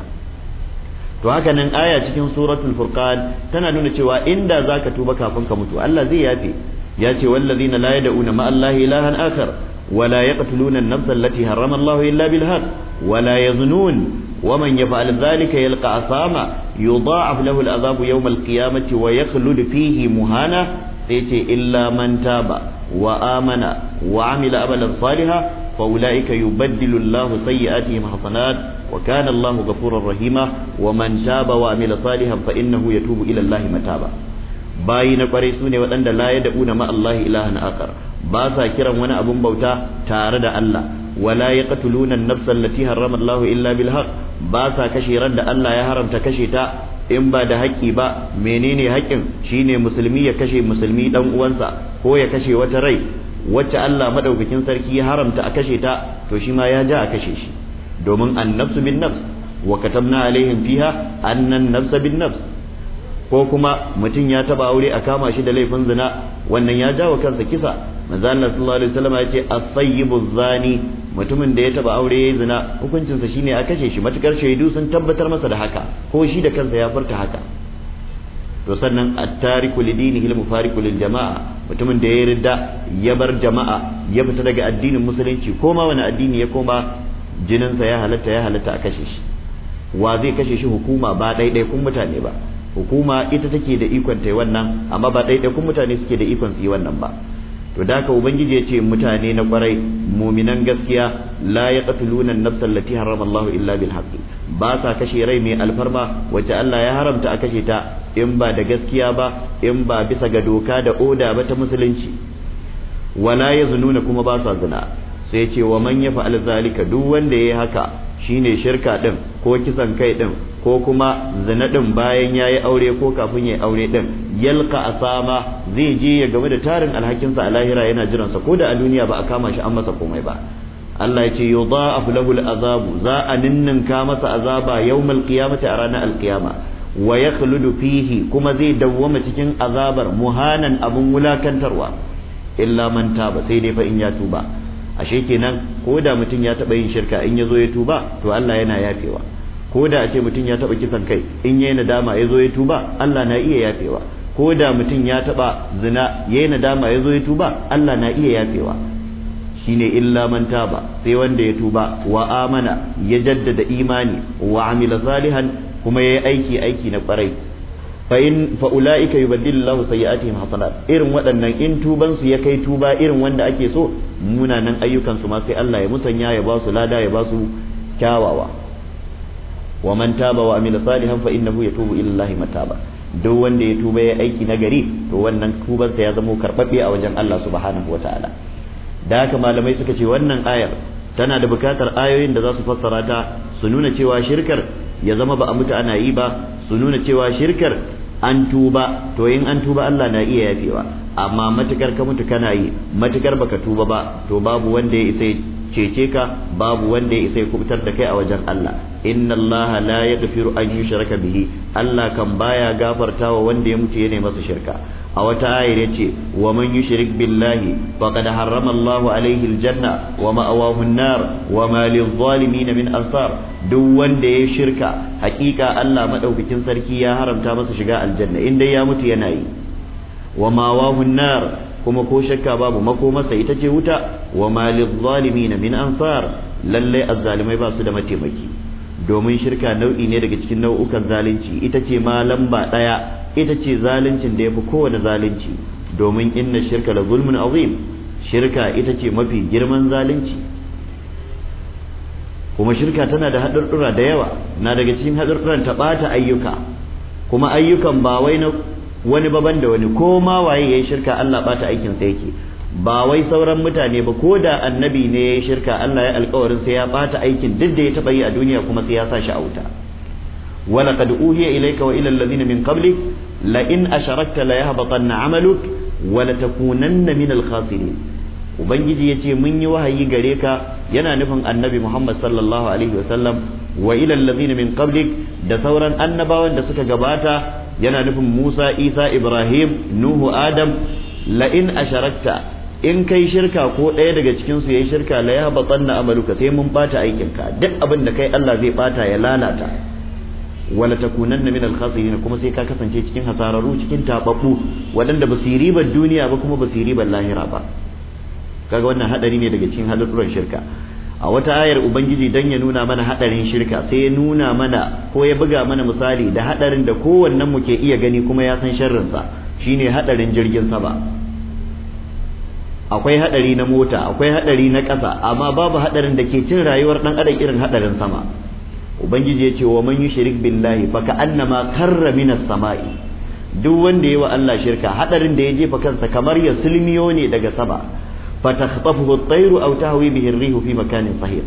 to haka nan aya cikin suratul furqan tana nuna cewa inda zaka tuba kafin ka mutu Allah zai yafe ya ce wallazina la yad'una ma Allah ilahan akhar ولا يقتلون النفس التي حرم الله إلا بالحق ولا يزنون ومن يفعل ذلك يلقى أصاما يضاعف له العذاب يوم القيامة ويخلد فيه مهانا سيتي إلا من تاب وآمن وعمل أملا صالحا فأولئك يبدل الله سيئاتهم حسنات وكان الله غفورا رحيما ومن تاب وعمل صالحا فإنه يتوب إلى الله متابا bayi na kwarai sune waɗanda la yad'una ma Allah ilahan akar ba sa kiran wani abun bauta tare da Allah wala ya an nafsan allati harrama illa bil haqq ba sa kashe ran da Allah ya haramta kashe ta in ba da haƙƙi ba menene haƙƙin shine musulmi ya kashe musulmi dan uwansa ko ya kashe wata rai wacce Allah madaukakin sarki ya haramta a kashe ta to shi ma ya ja a kashe shi domin an-nafsu bin nafs wa katabna alaihim fiha annan nafsa bin nafs ko kuma mutum ya taba aure a kama shi da laifin zina wannan ya jawo kansa kisa manzo Allah sallallahu alaihi wasallam ya ce as-sayyibu zani mutumin da ya taba aure yayi zina hukuncin sa shine a kashe shi matukar shaidu sun tabbatar masa da haka ko shi da kansa ya furta haka to sannan at-tariku lidinihi al-mufariqu lil jama'a mutumin da ya ridda ya bar jama'a ya fita daga addinin musulunci ko ma wani addini ya koma jininsa ya halatta ya halatta a kashe shi wa zai kashe shi hukuma ba daidai kun mutane ba hukuma ita take da ikon ta wannan amma ba ɗaiɗaikun mutane suke da ikon su yi wannan ba to da haka ubangiji ya ce mutane na kwarai muminan gaskiya la ya qatluna an-nafs allati harrama Allah illa bil haqq ba sa kashe rai mai alfarma wacce Allah ya haramta a kashe ta in ba da gaskiya ba in ba bisa ga doka da oda ba ta musulunci wala zununa kuma ba sa zina sai ce wa man fa zalika duk wanda ya yi haka shine shirka ɗin ko kisan kai ɗin ko kuma zina ɗin bayan yayi aure ko kafin yayi aure yalka a asama zai je ya game da tarin alhakinsa a lahira yana jiransa ko da a duniya ba a kama shi an masa komai ba Allah ya ce yudha'afu lahu azabu za a ninninka masa azaba yau malkiyamata a ranar Alkiyama wa fihi kuma zai dawwama cikin azabar muhanan abun wulakantarwa illa manta ba sai dai fa in ya tuba ashe kenan ko mutum ya taba yin shirka in ya zo ya tuba to Allah yana yafewa ko da mutum ya taba kisan kai in yayi nadama ya zo ya tuba Allah na iya yafewa koda mutum ya taba zina yayi nadama yazo ya tuba Allah na iya yafewa shine illa man taba sai wanda ya tuba wa amana ya jaddada imani wa amila salihan kuma yayi aiki aiki na kwarai fa in fa ulaika yubaddilullahu sayyi'atihim hasanat irin waɗannan in tuban su ya kai tuba irin wanda ake so munanan ayyukan su ma sai Allah ya musanya ya ba su lada ya ba su kyawawa wa man taba wa amila salihan fa innahu yatubu ila Allah mataba duk wanda ya tuba ya aiki nagari to wannan tuban sa ya zama karbabbe a wajen Allah subhanahu wataala da haka malamai suka ce wannan ayar tana da bukatar ayoyin da za su fassara ta su nuna cewa shirkar ya zama ba a mutu ana yi ba su nuna cewa shirkar an tuba to in an tuba Allah na iya yafewa amma matukar ka mutu kana yi matukar baka tuba ba to babu wanda ya isa cece ka babu wanda ya isa kubutar da kai a wajen Allah inna Allah la yaghfiru an yushraka bihi Allah kan baya gafartawa wanda ya mutu ya ne masa shirka a wata ayar ce, wa man yushrik billahi faqad harrama Allahu alaihi aljanna wa ma'awahu an-nar wa ma lil-zalimin min ansar duk wanda ya shirka haƙiƙa, Allah madaukakin sarki ya haramta masa shiga aljanna in dai ya mutu yana yi wa ma'awahu an-nar kuma ko shakka babu makomarsa ita ce wuta wa ma lil-zalimin min ansar lalle azzalimai ba su da mataimaki domin shirka nau'i ne daga cikin nau'ukan zalunci ita ce ma lamba ɗaya ita ce zaluncin da ya fi kowane zalunci domin inna shirka la zulmun azim shirka ita ce mafi girman zalunci kuma shirka tana da haɗurɗura da yawa na daga cikin haɗurɗuran ta ɓata ayyuka kuma ayyukan ba wai na wani baban da wani ko ma waye yayi shirka Allah bata aikin sa yake ba wai sauran mutane ba ko da annabi ne ya shirka Allah ya alkawarin sai ya bata aikin duk da ya taɓa yi a duniya kuma sai sa shi a wuta wa laqad uhiya ilayka wa ila alladhina min qablik la in asharakta la yahbatanna amaluk wa la takunanna min al ubangiji yace mun yi wahayi gareka yana nufin annabi Muhammad sallallahu alaihi wa sallam wa ila alladhina min qablik da sauran annabawan da suka gabata yana nufin Musa Isa Ibrahim Nuhu Adam la'in in asharakta in kai shirka ko ɗaya daga cikin su yayi shirka la ya batanna amaluka sai mun bata aikinka duk abin da kai Allah zai bata ya lalata wala takunanna minal khasirin kuma sai ka kasance cikin hasararu cikin tababbu waɗanda ba su ribar duniya ba kuma ba su ribar lahira ba kaga wannan hadari ne daga cikin halurar shirka a wata ayar ubangiji dan ya nuna mana hadarin shirka sai ya nuna mana ko ya buga mana misali da hadarin da kowannen mu ke iya gani kuma ya san sharrinsa shine hadarin jirgin sama akwai hadari na mota akwai hadari na ƙasa amma babu hadarin da ke cin rayuwar dan adam irin hadarin sama ubangiji ya ce wa man yushrik billahi fa annama karra minas sama'i duk wanda yayi wa Allah shirka hadarin da ya jefa kansa kamar ya sulmiyo ne daga sama fa takhtafuhu at-tayru aw tahwi bihi ar-rihu fi makanin sahiq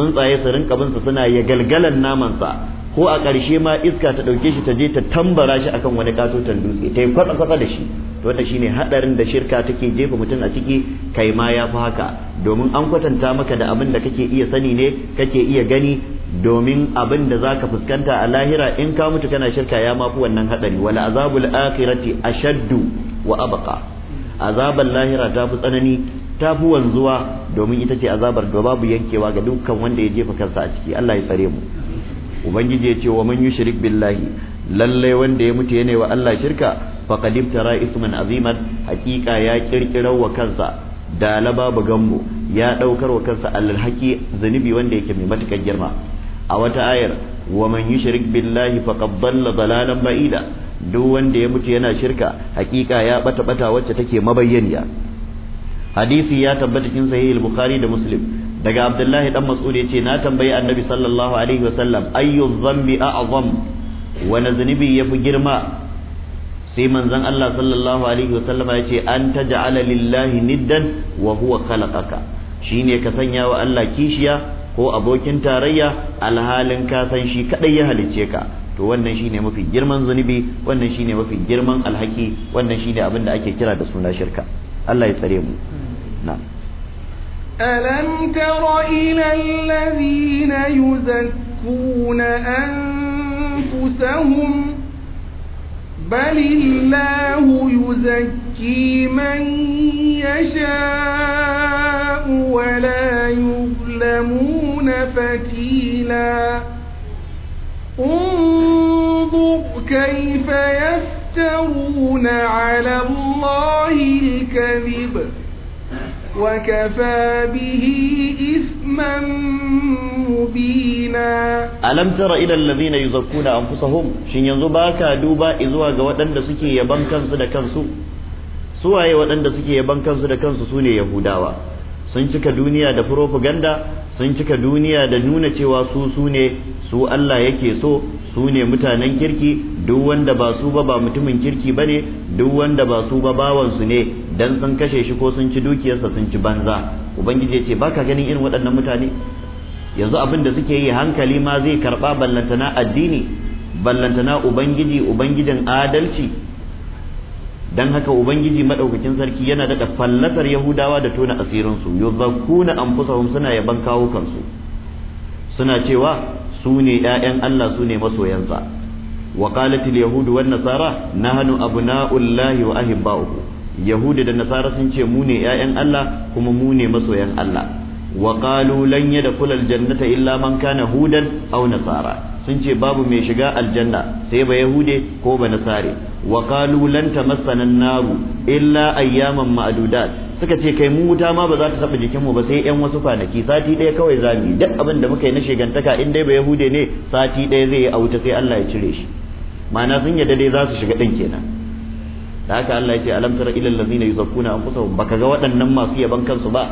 tsuntsaye su rinka bin suna ya galgalan namansa ko a ƙarshe ma iska ta ɗauke shi ta je ta tambara shi akan wani katotan dutse ta yi kwatsa-kwatsa da shi wanda shine hadarin da shirka take jefa mutum a ciki kai ma ya fi haka domin an kwatanta maka da abin da kake iya sani ne kake iya gani domin abin da zaka fuskanta a lahira in ka mutu kana shirka ya ma fi wannan hadari wala azabul akhirati ashaddu wa abqa azaban lahira ta fi tsanani ta fi wanzuwa domin ita ce azabar da babu yankewa ga dukkan wanda ya jefa kansa a ciki Allah ya tsare mu ubangiji ya ce wa man yushrik billahi lallai wanda ya mutu yana wa Allah shirka faqad iftara isman aziman hakika ya kirkirar wa kansa da babu gambo ya daukar wa kansa alhaki zunubi wanda yake mai matukar girma a wata ayar wa man yushrik billahi faqad dalla dalalan ba'ida duk wanda ya mutu yana shirka hakika ya bata bata wacce take mabayyaniya hadisi ya tabbata cikin sahih al-bukhari da muslim daga abdullahi dan mas'ud yace na tambayi annabi sallallahu alaihi wasallam ayyu dhanbi a'zam wa naznibi yafi girma sai manzon Allah sallallahu alaihi wasallam yace an taj'ala lillahi niddan wa huwa khalaqaka shine ka sanya wa Allah kishiya ko abokin tarayya alhalin ka san shi kadai ya halicce ka to wannan shine mafi girman zunubi wannan shine mafi girman alhaki wannan shine abin da ake kira da suna shirka الله ya نعم ألم تر إلى الذين يزكون أنفسهم بل الله يزكي من يشاء ولا يظلمون فتيلا انظر كيف يفعل تفترون على الله الكذب وكفى به إثما مبينا ألم تر إلى الذين يزكون أنفسهم شن ينزباك دوبا إذوا قوتن دسكي يبان كنس دكنسو سواء يوتن دسكي يبان كنس دكنس سوني يهوداوا sun cika duniya da propaganda sun cika duniya da nuna cewa su su ne su Allah yake so su ne mutanen kirki duk wanda ba su ba ba mutumin kirki ba ne duk wanda ba su ba bawansu ne dan sun kashe shi ko sun ci dukiyarsa sun ci banza ubangiji ya ce baka ganin irin waɗannan mutane yanzu abin da suke yi hankali ma zai karba ballantana addini ballantana ubangiji ubangijin adalci dan haka ubangiji madaukakin sarki yana da fallasar yahudawa da tona asirin su yuzakkuna anfusahum suna yaban kawo kansu suna cewa su ne ƴaƴan Allah su ne masoyansa wa qalat al yahud wan nasara nahnu abna'ullahi wa ahibba'uhu yahudu da nasara sun ce mu ne 'ya'yan Allah kuma mu ne masoyan Allah wa qalu lan yadkhula jannata illa man kana hudan aw nasara sun ce babu mai shiga aljanna sai ba yahude ko ba nasare wa qalu lan tamassana naru illa ayyaman ma'dudat suka ce kai mu wuta ma ba za ta taba jikin mu ba sai yan wasu kwanaki sati ɗaya kawai zabi duk abin da muka yi na shigantaka in dai ba yahude ne sati ɗaya zai yi a wuta sai Allah ya cire shi ma'ana sun yadda dai za su shiga ɗin kenan da haka Allah ya ce alam tara ilal ladina yuzakkuna anfusahum baka ga waɗannan masu yaban kansu ba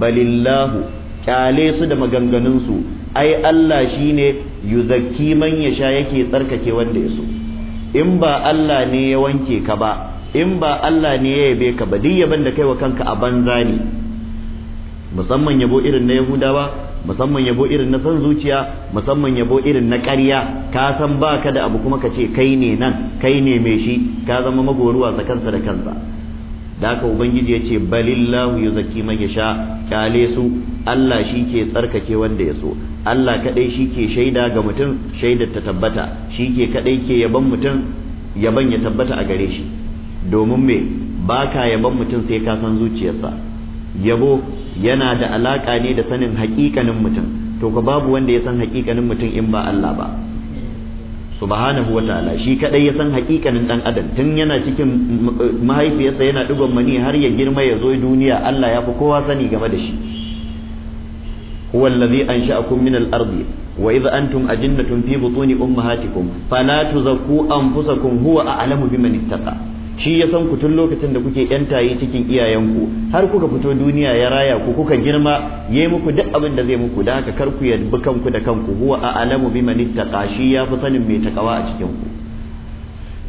balillahu kyale su da maganganun su ai Allah shine yuzakki man sha yake tsarkake wanda ya so in ba Allah ne ya wanke ka ba in ba Allah ne ya yabe ka ba duk yaban da kai wa kanka a banza ne musamman yabo irin na Yahudawa musamman yabo irin na san zuciya musamman yabo irin na ƙarya ka san ba ka da abu kuma ka ce kai ne nan kai ne mai shi ka zama magoruwa sa kansa da kansa da haka ubangiji ya ce balillahu yuzakki man yasha kyale su Allah shi ke tsarkake wanda ya so Allah kaɗai shi ke shaida ga mutum shaidar ta tabbata shi ke kadai ke yaban mutum yaban ya tabbata a gare shi domin me ba ka yaban mutum sai ka san zuciyarsa yabo yana da alaka ne da sanin hakikanin mutum to ka babu wanda ya san hakikanin mutum in ba Allah ba subhanahu wa ta'ala shi kadai ya san hakikanin dan adam tun yana cikin eh, mahaifiyarsa yana digon mani har ya girma ya zo duniya Allah ya fi kowa sani game da shi هو الذي أنشأكم من الأرض وإذا أنتم أجنة في بطون أمهاتكم فلا تزكوا أنفسكم هو أعلم بمن اتقى shi ya san ku tun lokacin da kuke yan tayi cikin iyayenku har kuka fito duniya ya raya ku kuka girma yayi muku duk abin da zai muku da haka kar ku yabi kanku da kanku huwa a'lamu biman ittaqa shi ya fi sanin mai takawa a cikin ku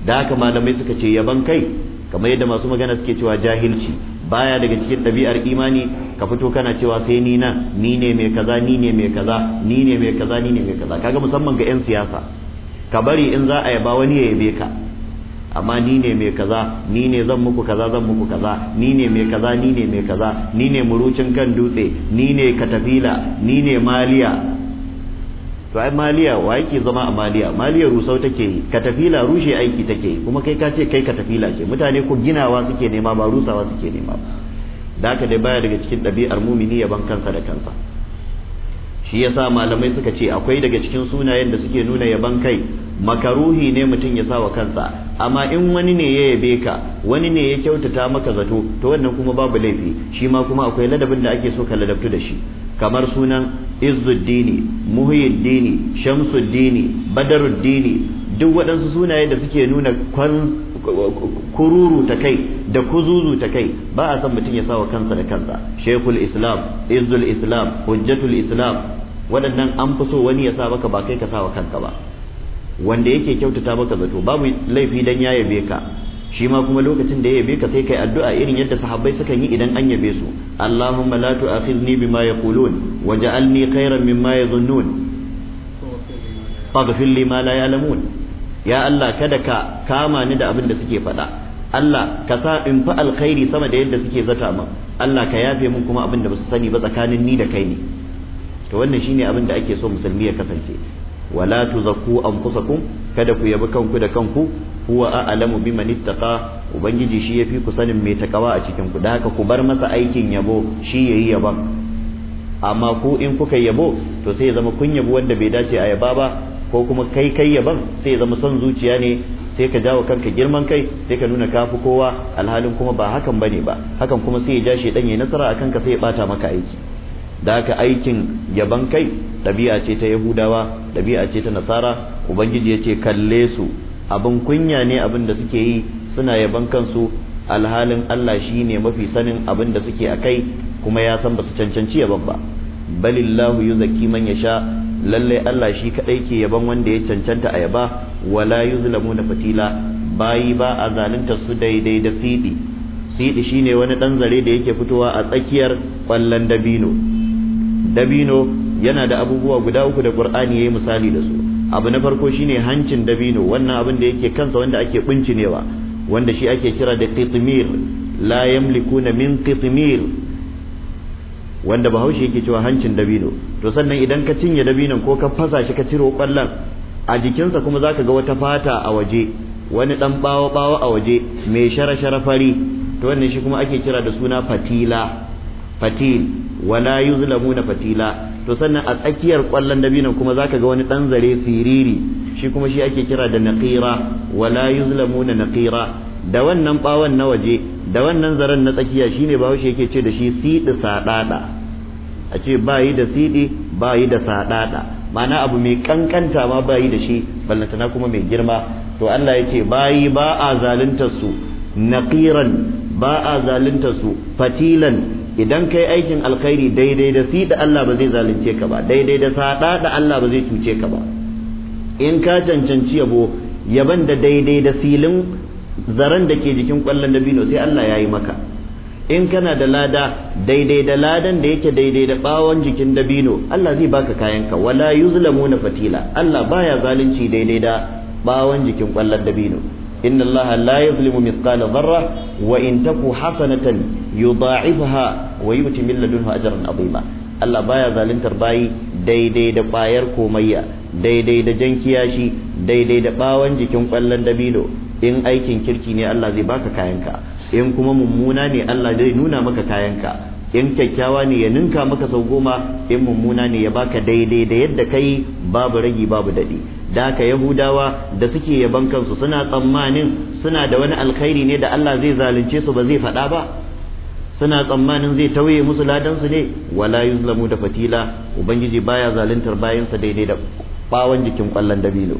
da haka malamai suka ce yaban kai kamar yadda masu magana suke cewa jahilci baya daga cikin ɗabi'ar imani ka fito kana cewa sai ni nan ni ne mai kaza ni ne mai kaza ni ne mai kaza ni ne mai kaza kaga musamman ga 'yan siyasa ka bari in za a yaba wani ya yabe ka amma ni ne mai kaza ni ne zan muku kaza zan muku kaza ni ne mai kaza ni ne mai kaza ni ne murucin kan dutse ni ne katafila ni ne maliya to ai maliya wa yake zama a maliya maliya rusau take yi katafila rushe aiki take yi kuma kai ka ce kai katafila ce mutane ko ginawa suke nema ba rusawa suke nema ba da haka dai baya daga cikin ɗabi'ar mumini ban kansa da kansa shi yasa malamai suka ce akwai daga cikin sunayen da suke nuna yaban kai makaruhi ne mutum ya sawa kansa amma in wani ne ya yabe ka wani ne ya kyautata maka zato to wannan kuma babu laifi shi ma kuma akwai ladabin da ake so ka ladabtu da shi kamar sunan izzuddini muhyiddini shamsuddini badaruddini duk waɗansu sunaye da suke nuna kururu ta kai da kuzuzu ta kai ba a san mutum ya sawa kansa da kansa shekul islam izzul islam hujjatul islam waɗannan an fi so wani ya sa maka ba kai ka sa wa kanka ba wanda yake kyautata maka zato babu laifi dan ya yabe ka shi ma kuma lokacin da ya yabe ka sai kai addu'a irin yadda sahabbai suka yi idan an yabe su Allahumma la tu'akhidhni bima yaqulun waj'alni khairan mimma yadhunnun faghfir li ma la ya'lamun ya Allah kada ka kama ni da abin da suke faɗa Allah ka sa in fa alkhairi sama da yadda suke zata min Allah ka yafe min kuma abin da ba su sani ba tsakanin ni da kai ne to wannan shine abin da ake so musulmi ya kasance wala tuzakku anfusakum kada ku yabi kanku da kanku huwa a'lamu biman ittaqa ubangiji shi yafi ku sanin me takawa a cikin ku da haka ku bar masa aikin yabo shi yayi yabon. amma ku in kuka yabo to sai ya zama kun yabo wanda bai dace a yaba ba ko kuma kai kai yaban sai ya zama son zuciya ne sai ka jawo kanka girman kai sai ka nuna kafi kowa alhalin kuma ba hakan bane ba hakan kuma sai ya ja shi dan yayi nasara akan ka sai ya bata maka aiki da aka aikin yaban kai ɗabi'a ce ta yahudawa ɗabi'a ce ta nasara ubangiji ya ce kalle su abin kunya ne abin da suke yi suna yaban kansu alhalin allah shi ne mafi sanin abin da suke a kai kuma ya san ba su cancanci yaban ba balillahu zaki man ya sha lallai allah shi kaɗai ke yaban wanda ya cancanta a yaba wala zulamu na fatila bayi ba a zalunta su daidai da siɗi siɗi shine wani ɗan zare da yake fitowa a tsakiyar ƙwallon dabino dabino yana da abubuwa guda uku da qur'ani yayi misali da su abu na farko shine hancin dabino wannan abin da yake kansa wanda ake bincinewa wanda shi ake kira da qitmir la yamlikuna min qitmir wanda bahaushe yake cewa hancin dabino to sannan idan ka cinye dabino ko ka fasa shi ka ciro kwallon a jikinsa kuma zaka ga wata fata a waje wani dan bawo bawo a waje mai shara shara fari to wannan shi kuma ake kira da suna fatila fatil wala na fatila to sannan a tsakiyar kwallon dabinon kuma zaka ga wani dan zare siriri shi kuma shi ake kira da naqira wala yuzlamuna naqira da wannan bawon na waje da wannan zaren na tsakiya shine bahaushe yake ce da shi sidi sadada a ce bayi da sidi bayi da sadada ma'ana abu mai kankanta ma bayi da shi ballantana kuma mai girma to Allah yake bayi ba a zalunta su naqiran ba a zalunta su fatilan idan kai aikin alkhairi daidai da si da Allah ba zai zalunce ka ba daidai da sada da Allah ba zai cuce ka ba in ka cancanci yabo yaban da daidai da silin zaren da ke jikin kwallon dabino sai Allah ya yi maka in kana da lada daidai da ladan da yake daidai da bawon jikin dabino Allah zai baka kayan ka wala na fatila Allah baya zalunci daidai da bawon jikin kwallon dabino إن الله لا يظلم مثقال ذرة وإن taku حسنة يضاعفها wa yuti min ladunhu ajran azima Allah baya zaluntar bayi daidai da kwayar komayya daidai da jan kiyashi daidai da bawan jikin kwallon dabino in aikin kirki ne Allah zai baka kayanka in kuma mummuna ne Allah zai nuna maka kayanka in kyakkyawa ne ya ninka maka sau goma in mummuna ne ya baka daidai da yadda kai babu ragi babu daɗi da haka yahudawa da suke yaban kansu suna tsammanin suna da wani alkhairi ne da Allah zai zalunce su ba zai faɗa ba suna tsammanin zai tauye musu ladan su ne wala yuzlamu da fatila ubangiji baya zaluntar bayansa daidai da bawan jikin kwallon dabino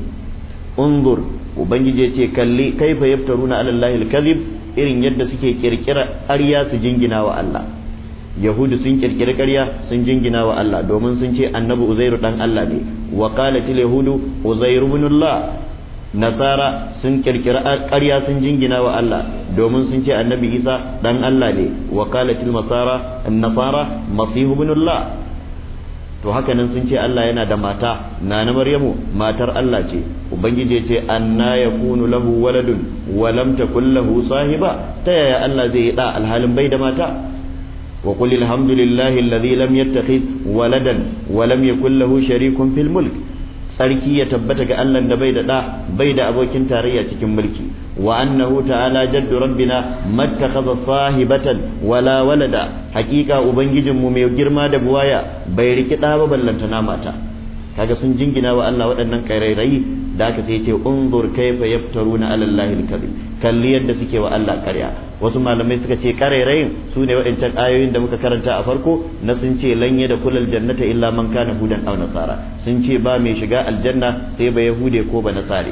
unzur ubangiji ce kalli kaifa yaftaruna ala allahi alkazib irin yadda suke kirkira ƙarya su jingina wa Allah yahudu sun kirkira ƙarya sun jingina wa Allah domin sun ce annabi uzairu dan Allah ne wa qalat yahudu uzairu ibn nasara sun kirkira ƙarya sun jingina wa Allah domin sun ce annabi isa dan Allah ne wa qalatil masara nasara masihu ibnullah to haka nan sun ce Allah yana da mata nana maryamu matar Allah ce ubangiji ya ce anna yakunu lahu waladun wa lam takul lahu sahiba ta yaya Allah zai yi da alhalin bai da mata wa qul alhamdulillahi alladhi lam yattakhidh waladan wa lam yakul lahu sharikun fil mulk sarki ya tabbata ga Allah da bai da da bai da abokin tarayya cikin mulki wa annahu ta'ala jaddu rabbina mattakhadha sahibatan wala walada haqiqa ubangijinmu mai girma da buwaya bai riki da ba ballantana mata kaga sun jingina wa Allah waɗannan kairairayi da aka sai ce unzur kaifa yaftaruna ala kalli yadda suke wa Allah karya wasu malamai suka ce karairayin su ne waɗancan ayoyin da muka karanta a farko na sun ce lan da kulal jannata illa man kana hudan aw nasara sun ce ba mai shiga aljanna sai ba yahude ko ba nasare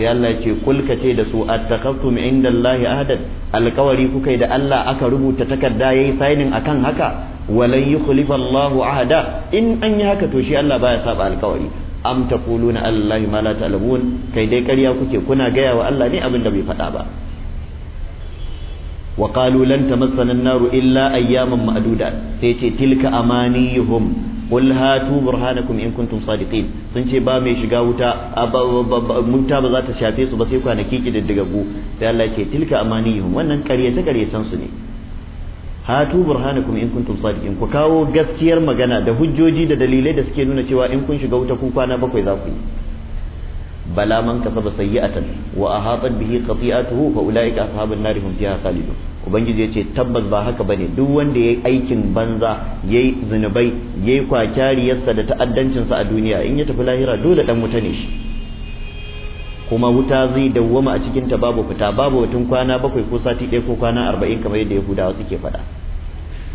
sai Allah ya ce kul ka ce da su attakhaftum indallahi ahadan alkawari kuka yi da Allah aka rubuta takarda yayi signing akan haka walan yukhlifa Allahu ahada in an yi haka to shi Allah baya saba alkawari am taquluna allahi ma la ta'lamun kai dai ƙarya kuke kuna gaya wa Allah ne abin da bai faɗa ba wa qalu lan tamassana an-naru illa ayyaman ma'duda sai ce tilka amaniyuhum qul hatu burhanakum in kuntum sadiqin sun ce ba mai shiga wuta wuta ba za ta shafe su ba sai kwanaki kididdigagu sai Allah ce tilka amaniyuhum wannan ƙaryace ƙaryacen su ne hatu burhanakum in kuntum sadiqin ku kawo gaskiyar magana da hujjoji da dalilai da suke nuna cewa in kun shiga wuta kun kwana bakwai za ku yi bala man kasaba sayyi'atan wa ahatat bihi qati'atuhu fa ulaika ashabun nar hum fiha khalidun ubangiji yace tabbas ba haka bane duk wanda yayi aikin banza yayi zinubai yayi kwakyariyarsa da ta'addancin sa a duniya in ya tafi lahira dole dan wuta ne shi kuma wuta zai dawwama a cikin ta babu fita babu tun kwana bakwai ko sati ɗaya ko kwana arba'in kamar yadda yahudawa suke faɗa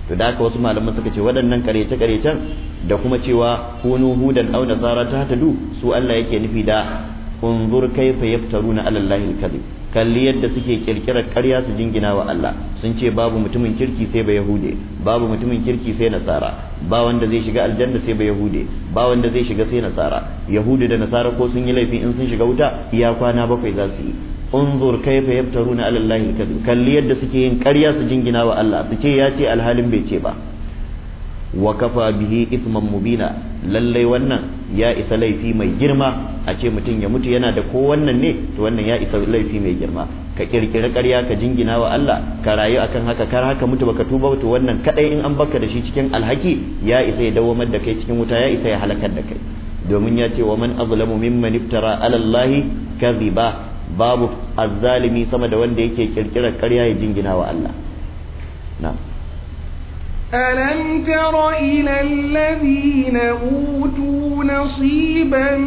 to da haka wasu malaman suka ce waɗannan karece karecen da kuma cewa kunu hudan aw nasara ta hatadu su Allah yake nufi da unzur kaifa yaftaruna ala allahi kadhib kalli yadda suke kirkirar karya su jingina wa Allah sun ce babu mutumin kirki sai ba yahude babu mutumin kirki sai nasara ba wanda zai shiga aljanna sai ba yahude ba wanda zai shiga sai nasara yahudu da nasara ko sun yi laifi in sun shiga wuta iya kwana bakwai za su yi unzur na yaftaruna ala allahi kalli yadda suke yin karya su jingina wa Allah su ce ya ce alhalin bai ce ba wa kafa bihi isman mubina lallai wannan ya isa laifi mai girma a ce mutum ya mutu yana da ko wannan ne to wannan ya isa laifi mai girma ka kirkiri ƙarya ka jingina wa Allah ka rayu akan haka kar haka mutu baka tuba to wannan kadai in an baka da shi cikin alhaki ya isa ya dawamar da kai cikin wuta ya isa ya halakar da kai domin ya ce wa man azlamu mimman iftara ala Allah kadhiba babu azzalimi sama da wanda yake kirkirar ƙarya ya jingina wa Allah na'am ألم تر إلى الذين أوتوا نصيبا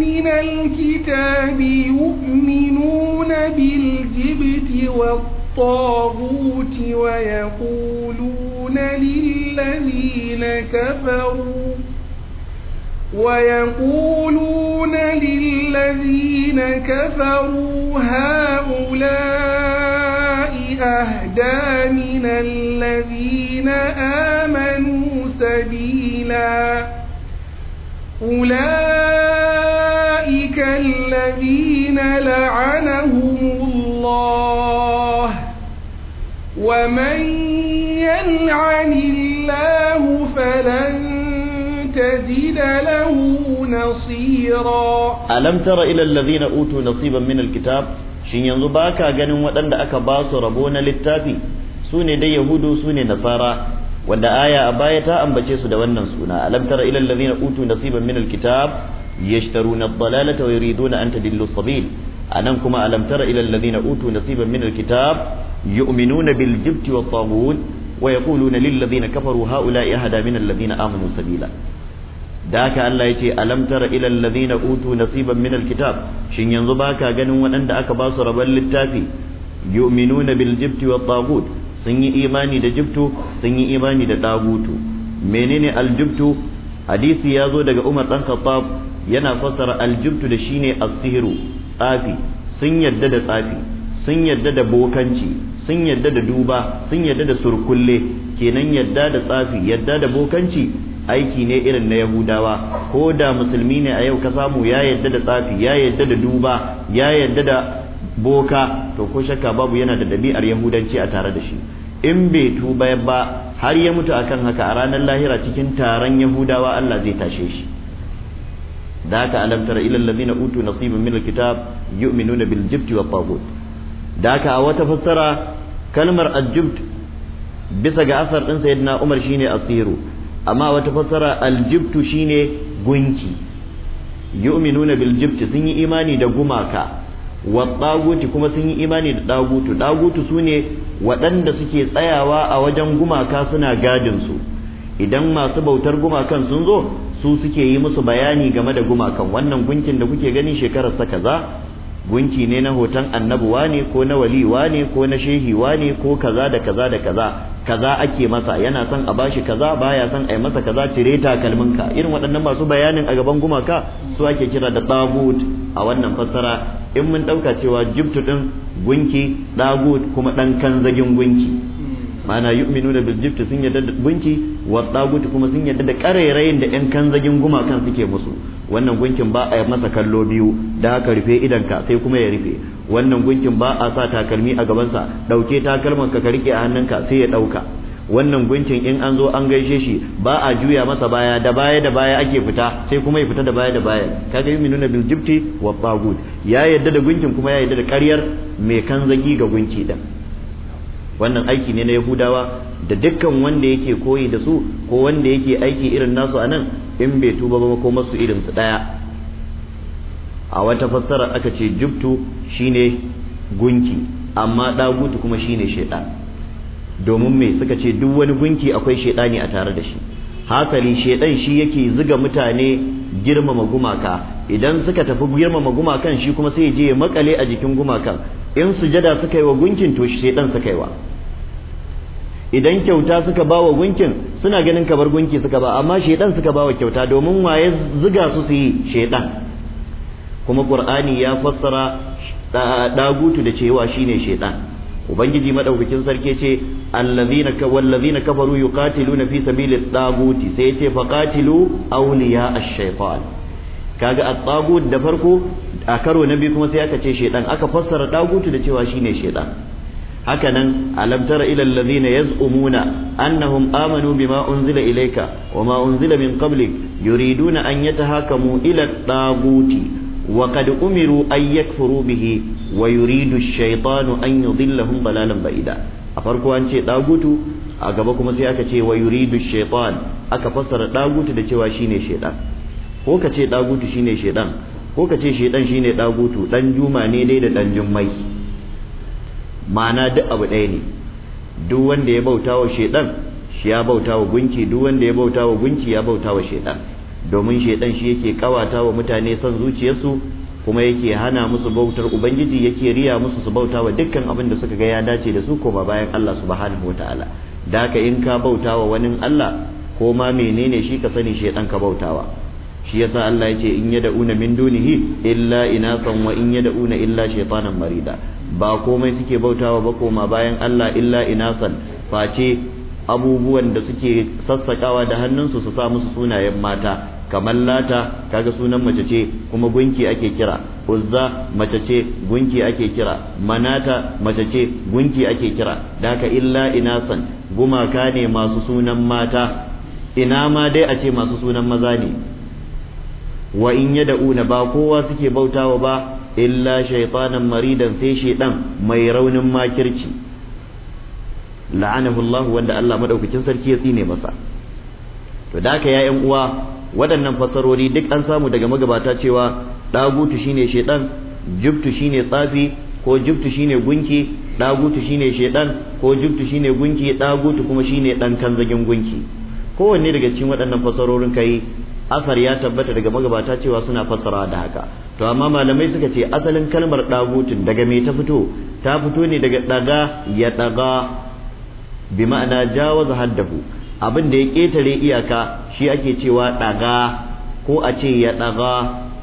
من الكتاب يؤمنون بالجبت والطاغوت ويقولون للذين كفروا ويقولون للذين كفروا هؤلاء أهدى من الذين آمنوا سبيلا أولئك الذين لعنهم الله ومن كثيرا ألم تر إلى utu nasiban نصيبا من shin yanzu ba ka ganin waɗanda aka ba su rabo na littafi su ne dai yahudu su ne nasara wanda aya a baya ta ambace su da wannan suna alam tara ilal ladina utu nasiban min alkitab yashtaruna ad-dalalata wa yuriduna an tadillu sabil anan kuma alam tara ilal ladina utu nasiban min alkitab yu'minuna bil jibti wat taghut wa yaquluna lil ladina kafaru haula'i ahada min alladhina amanu sabila da haka Allah ya ce alam tara ila utu nasiban min alkitab shin yanzu baka ganin waɗanda aka ba su rabon littafi yu'minuna bil jibti wat tagut sun yi imani da jibtu sun yi imani da tagutu menene al jibtu hadisi ya zo daga Umar dan Khattab yana fassara al jibtu da shine as tsafi sun yadda da tsafi sun yadda da bokanci sun yadda da duba sun yadda da surkulle kenan yadda da tsafi yadda da bokanci aiki ne irin na yahudawa ko da musulmi ne a yau ka samu ya yadda da tsafi ya yadda da duba ya yadda da boka to ko shakka babu yana da ɗabi'ar yahudanci a tare da shi in bai tuba ba har ya mutu akan haka a ranar lahira cikin taron yahudawa Allah zai tashe shi da haka alam tara ilal ladina utu nasiban min alkitab yu'minuna bil jibti wa tagut da haka a wata fassara kalmar aljibt bisa ga asar din sayyidina Umar shine asiru amma wata fassara aljibtu shine gunki yu'minuna bil jibti sun yi imani da gumaka wa daguti kuma sun yi imani da dagutu dagutu sune waɗanda suke tsayawa a wajen gumaka suna gadin su idan masu bautar gumakan sun zo su suke yi musu bayani game da gumakan wannan gunkin da kuke gani shekarar sa kaza gunki ne na hoton annabuwa ne ko na waliwa ne ko na shehiwa ne ko kaza da kaza da kaza kaza ake masa yana son a bashi kaza baya son a yi masa kaza cire takalminka irin waɗannan masu bayanin a gaban gumaka su ake kira da tagut a wannan fassara in mun ɗauka cewa jibtu ɗin gunki tagut kuma ɗan kanzagin gunki ma'ana yu'minu bil jibti sun yadda da gunki wa kuma sun yadda da karerayin da yan kanzagin gumakan suke musu wannan gunkin ba a masa kallo biyu da haka rufe idanka sai kuma ya rufe wannan gunkin ba a sa takalmi a gabansa ɗauke takalman ka ka rike a hannunka sai ya ɗauka. wannan gunkin in an zo an gaishe shi ba a juya masa baya da baya da baya ake fita sai kuma ya fita da baya da baya kaga yu'minuna bil jibti wa tagut ya yadda da gunkin kuma ya yadda da ƙaryar mai kanzagi ga gunki din wannan aiki ne na yahudawa da dukkan wanda yake koyi da su ko wanda yake aiki irin nasu a nan in bai tuba ba ko masu irin su daya a wata fassara aka ce jubtu shine gunki amma dagutu kuma shine sheda. domin me suka ce duk wani gunki akwai ne a tare da shi hakali shedan shi yake zuga mutane girmama gumaka idan suka tafi girmama gumakan shi kuma sai je ya makale a jikin gumakan in sujada suka yi wa gunkin to shaitan suka yi wa idan kyauta suka ba wa gunkin suna ganin kabar gunki suka ba amma shaidan suka ba wa kyauta domin waye ziga su su yi shaidan kuma qur'ani ya fassara dagutu da cewa shine shaidan ubangiji madaukakin sarki ce allazina ka wallazina kafaru yuqatiluna fi sabili daguti sai ya yace faqatilu awliya ash-shaytan kaga at-tagut da farko a karo na biyu kuma sai aka ce shedan aka fassara dagutu da cewa shine shedan hakanan alam tara ila allazina yaz'umuna annahum amanu bima unzila ilayka wama unzila min qablik yuriduna an yatahakamu ila ɗaguti wa qad umiru an yakfuru bihi wa yuridu ash-shaytanu an yudillahum dalalan ba'ida a farko an ce dagutu a gaba kuma sai aka ce wa yuridu shaitan aka fassara dagutu da cewa shine shaitan ko ka ce dagutu shine shaitan ko ka ce shaitan shine dagutu dan juma ne dai da dan jummai ma'ana duk abu ɗaya ne duk wanda ya bauta wa shaidan shi ya bauta wa gunki duk wanda ya bauta wa gunki ya bauta wa shaidan domin shaidan shi yake kawata wa mutane son zuciyarsu kuma yake hana musu bautar ubangiji yake riya musu su bauta wa dukkan abin da suka ga ya dace da su koma bayan Allah subhanahu wataala da haka in ka bauta wa wani Allah ko ma menene shi ka sani shaidan ka bautawa shi yasa Allah ya ce in yad'una min dunihi illa inasan wa in yad'una illa shaytanan marida ba komai suke bautawa ba koma bayan Allah illa inasan face abubuwan da suke sassakawa da hannunsu su sa musu sunayen mata kamar lata kaga sunan mace ce kuma gunki ake kira uzza mace ce gunki ake kira manata mace ce gunki ake kira da illa inasan gumaka ne masu sunan mata ina ma dai a ce masu sunan maza ne wa in yada'una ba kowa suke bautawa ba illa shaytanan maridan sai shaydan mai raunin makirci la'anahu Allah wanda Allah madaukakin sarki ya tsine masa to da ka ya uwa waɗannan fasarori duk an samu daga magabata cewa ɗagutu shine shaidan jubtu shine tsafi ko jubtu shine gunki ɗagutu shine shaidan ko jubtu shine gunki ɗagutu kuma shine ɗan kanzagin gunki kowanne daga cikin waɗannan fasarorin kai asar ya tabbata daga magabata cewa suna fassara da haka to amma malamai suka ce asalin kalmar dagutun daga me ta fito ta fito ne daga daga ya daga bi ma'ana jawaza haddahu abin da ya ketare iyaka shi ake cewa daga ko a ce ya daga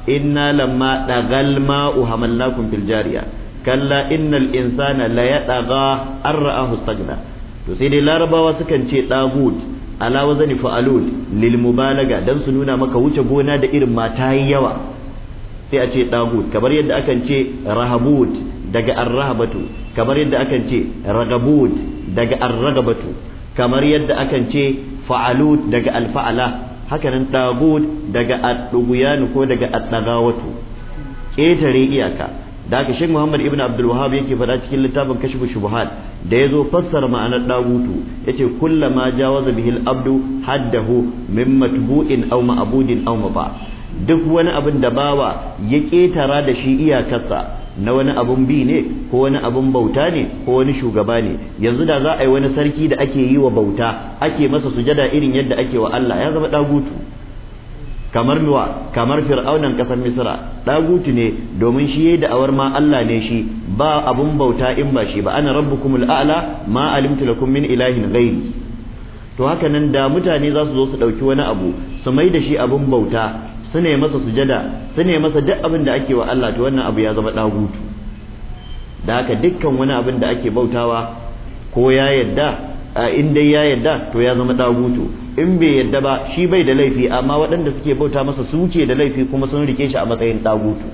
inna lamma dagal ma'u hamallakum fil jariya kalla innal insana la yadaga daga stagna to sai dai larabawa sukan ce dagut ala wazani fa'alul lil mubalaga dan su nuna maka wuce gona da irin mata yi yawa sai a ce dahut kamar yadda akan ce rahabut daga arrahabatu kamar yadda akan ce ragabut daga arragabatu kamar yadda akan ce fa'alut daga alfa'ala hakanan dahut daga ad ko daga ad-dagawatu ƙetare iyaka da haka shek Muhammad Ibn Abdul wahab yake faɗa cikin littafin Kashfu Shubuhat da yazo fassara ma'anar dagutu yace kullama jawaza bihil abdu haddahu min matbu'in aw ma'budin aw maba duk wani abin da bawa ya ketara da shi iyakarsa na wani abun bi ne ko wani abun bauta ne ko wani shugaba ne yanzu da za a yi wani sarki da ake yi wa bauta ake masa sujada irin yadda ake wa Allah ya zama dagutu kamar nuwa kamar fir'aunan kasar misira daguti ne domin shi da da'awar ma Allah ne shi ba abun bauta in ba shi ba ana rabbukumul a'la ma alimtu lakum min ilahin ghairi to haka nan da mutane za su zo su dauki wani abu su mai da shi abun bauta su ne masa sujada su ne masa duk abin da ake wa Allah to wannan abu ya zama dagutu da haka dukkan wani abin da ake bautawa ko ya yadda in dai ya yadda to ya zama dagutu in bai yadda ba shi bai da laifi amma waɗanda suke bauta masa suke da laifi kuma sun rike shi a matsayin ɗagutu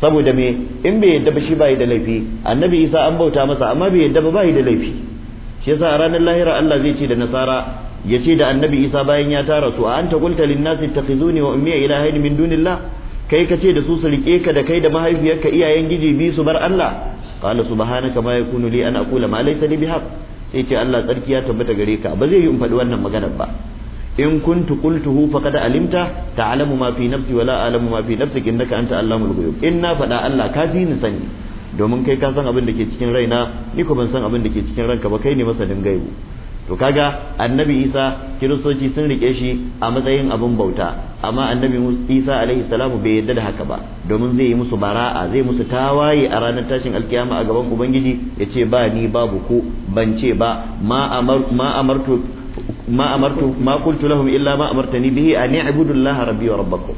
saboda me in bai yadda ba shi bai da laifi annabi isa an bauta masa amma bai yadda ba bai da laifi shi yasa a ranar lahira Allah zai ce da nasara ya ce da annabi isa bayan ya tara su a anta qulta lin nasi ittakhizuni wa ummi ilahayn min dunillah kai ka ce da su su rike ka da kai da mahaifiyarka iyayen giji bi su bar Allah qala subhanaka ma ya li an aqula ma laysa li bihaq sai ce Allah tsarki ya tabbata gare ka ba zai yi in faɗi wannan maganar ba in kuntu qultuhu faqad alimta ta'lamu ma fi nafsi wala a'lamu ma fi nafsi innaka anta allamul ghuyub in na faɗa Allah ka ji ni sani domin kai ka san abin da ke cikin raina ni ko ban san abin da ke cikin ranka ba kai ne masanin gaibu to kaga annabi isa kiristoci sun rike shi a matsayin abin bauta amma annabi isa alaihi salamu bai yadda da haka ba domin zai yi musu bara'a zai musu tawaye a ranar tashin alkiyama a gaban ubangiji ya ce ba ni babu ku ban ce ba ma amartu ma ma qultu lahum illa ma amartani bihi an i'budu allaha rabbi wa rabbakum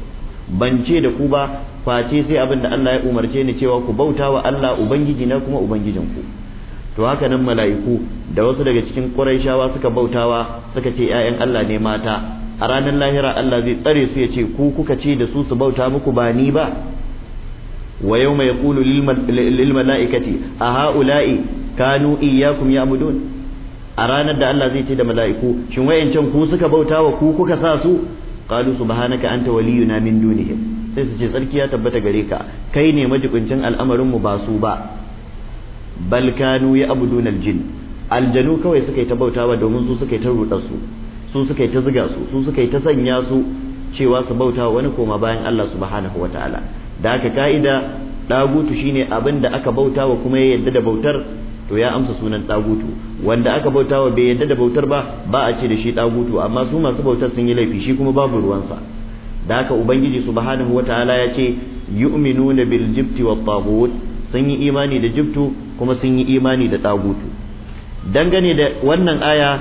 ban ce da ku ba face sai abin da Allah ya umarce ni cewa ku bauta wa Allah ubangiji na kuma ubangijinku to haka nan mala'iku da wasu daga cikin ƙurayshawa suka bautawa suka ce ‘ya'yan Allah ne mata a ranar lahira Allah zai tsare su ya ce ku kuka ce da su su bauta muku ba ni ba wa yau mai kulu lil mala'ikati a ha'ula'i kanu iyyakum ya'budun a ranar da Allah zai ce da mala'iku shin wayancan ku suka bautawa ku kuka sa su qalu subhanaka anta waliyuna min dunihim sai su ce tsarki ya tabbata gare ka kai ne majibincin al'amarin mu ba su ba bal kanu ya abudun jin aljanu kawai suka yi ta bautawa domin su suka yi ta ruɗa su su suka yi ta ziga su su suka yi ta sanya su cewa su bautawa wani koma bayan Allah subhanahu ta'ala da haka ka'ida dagutu shine abin da aka bautawa kuma ya yadda da bautar to ya amsa sunan dagutu wanda aka bautawa bai yadda da bautar ba ba a ce da shi dagutu amma su masu bautar sun yi laifi shi kuma babu ruwansa da haka ubangiji subhanahu ta'ala ya ce yu'minuna bil jibti wat taghut sun yi imani da jibtu kuma sun yi imani da tagutu dangane da wannan aya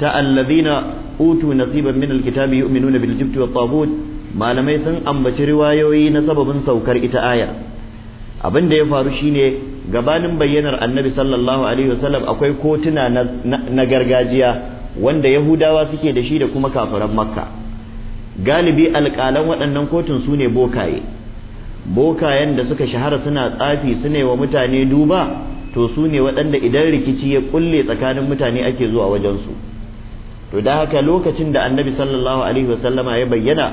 ta allazina utu nasiban min alkitabi yu'minuna bil jibti wat tagut malamai sun ambaci riwayoyi na sababin saukar ita aya abin da ya faru shine gabanin bayyanar annabi sallallahu alaihi wasallam akwai kotuna na gargajiya wanda yahudawa suke da shi da kuma kafiran makka galibi alƙalan waɗannan kotun su ne bokaye bokayen da suka shahara suna tsafi su ne wa mutane duba to su ne waɗanda idan rikici ya ƙulle tsakanin mutane ake zuwa wajensu to da haka lokacin da annabi sallallahu alaihi wasallama ya bayyana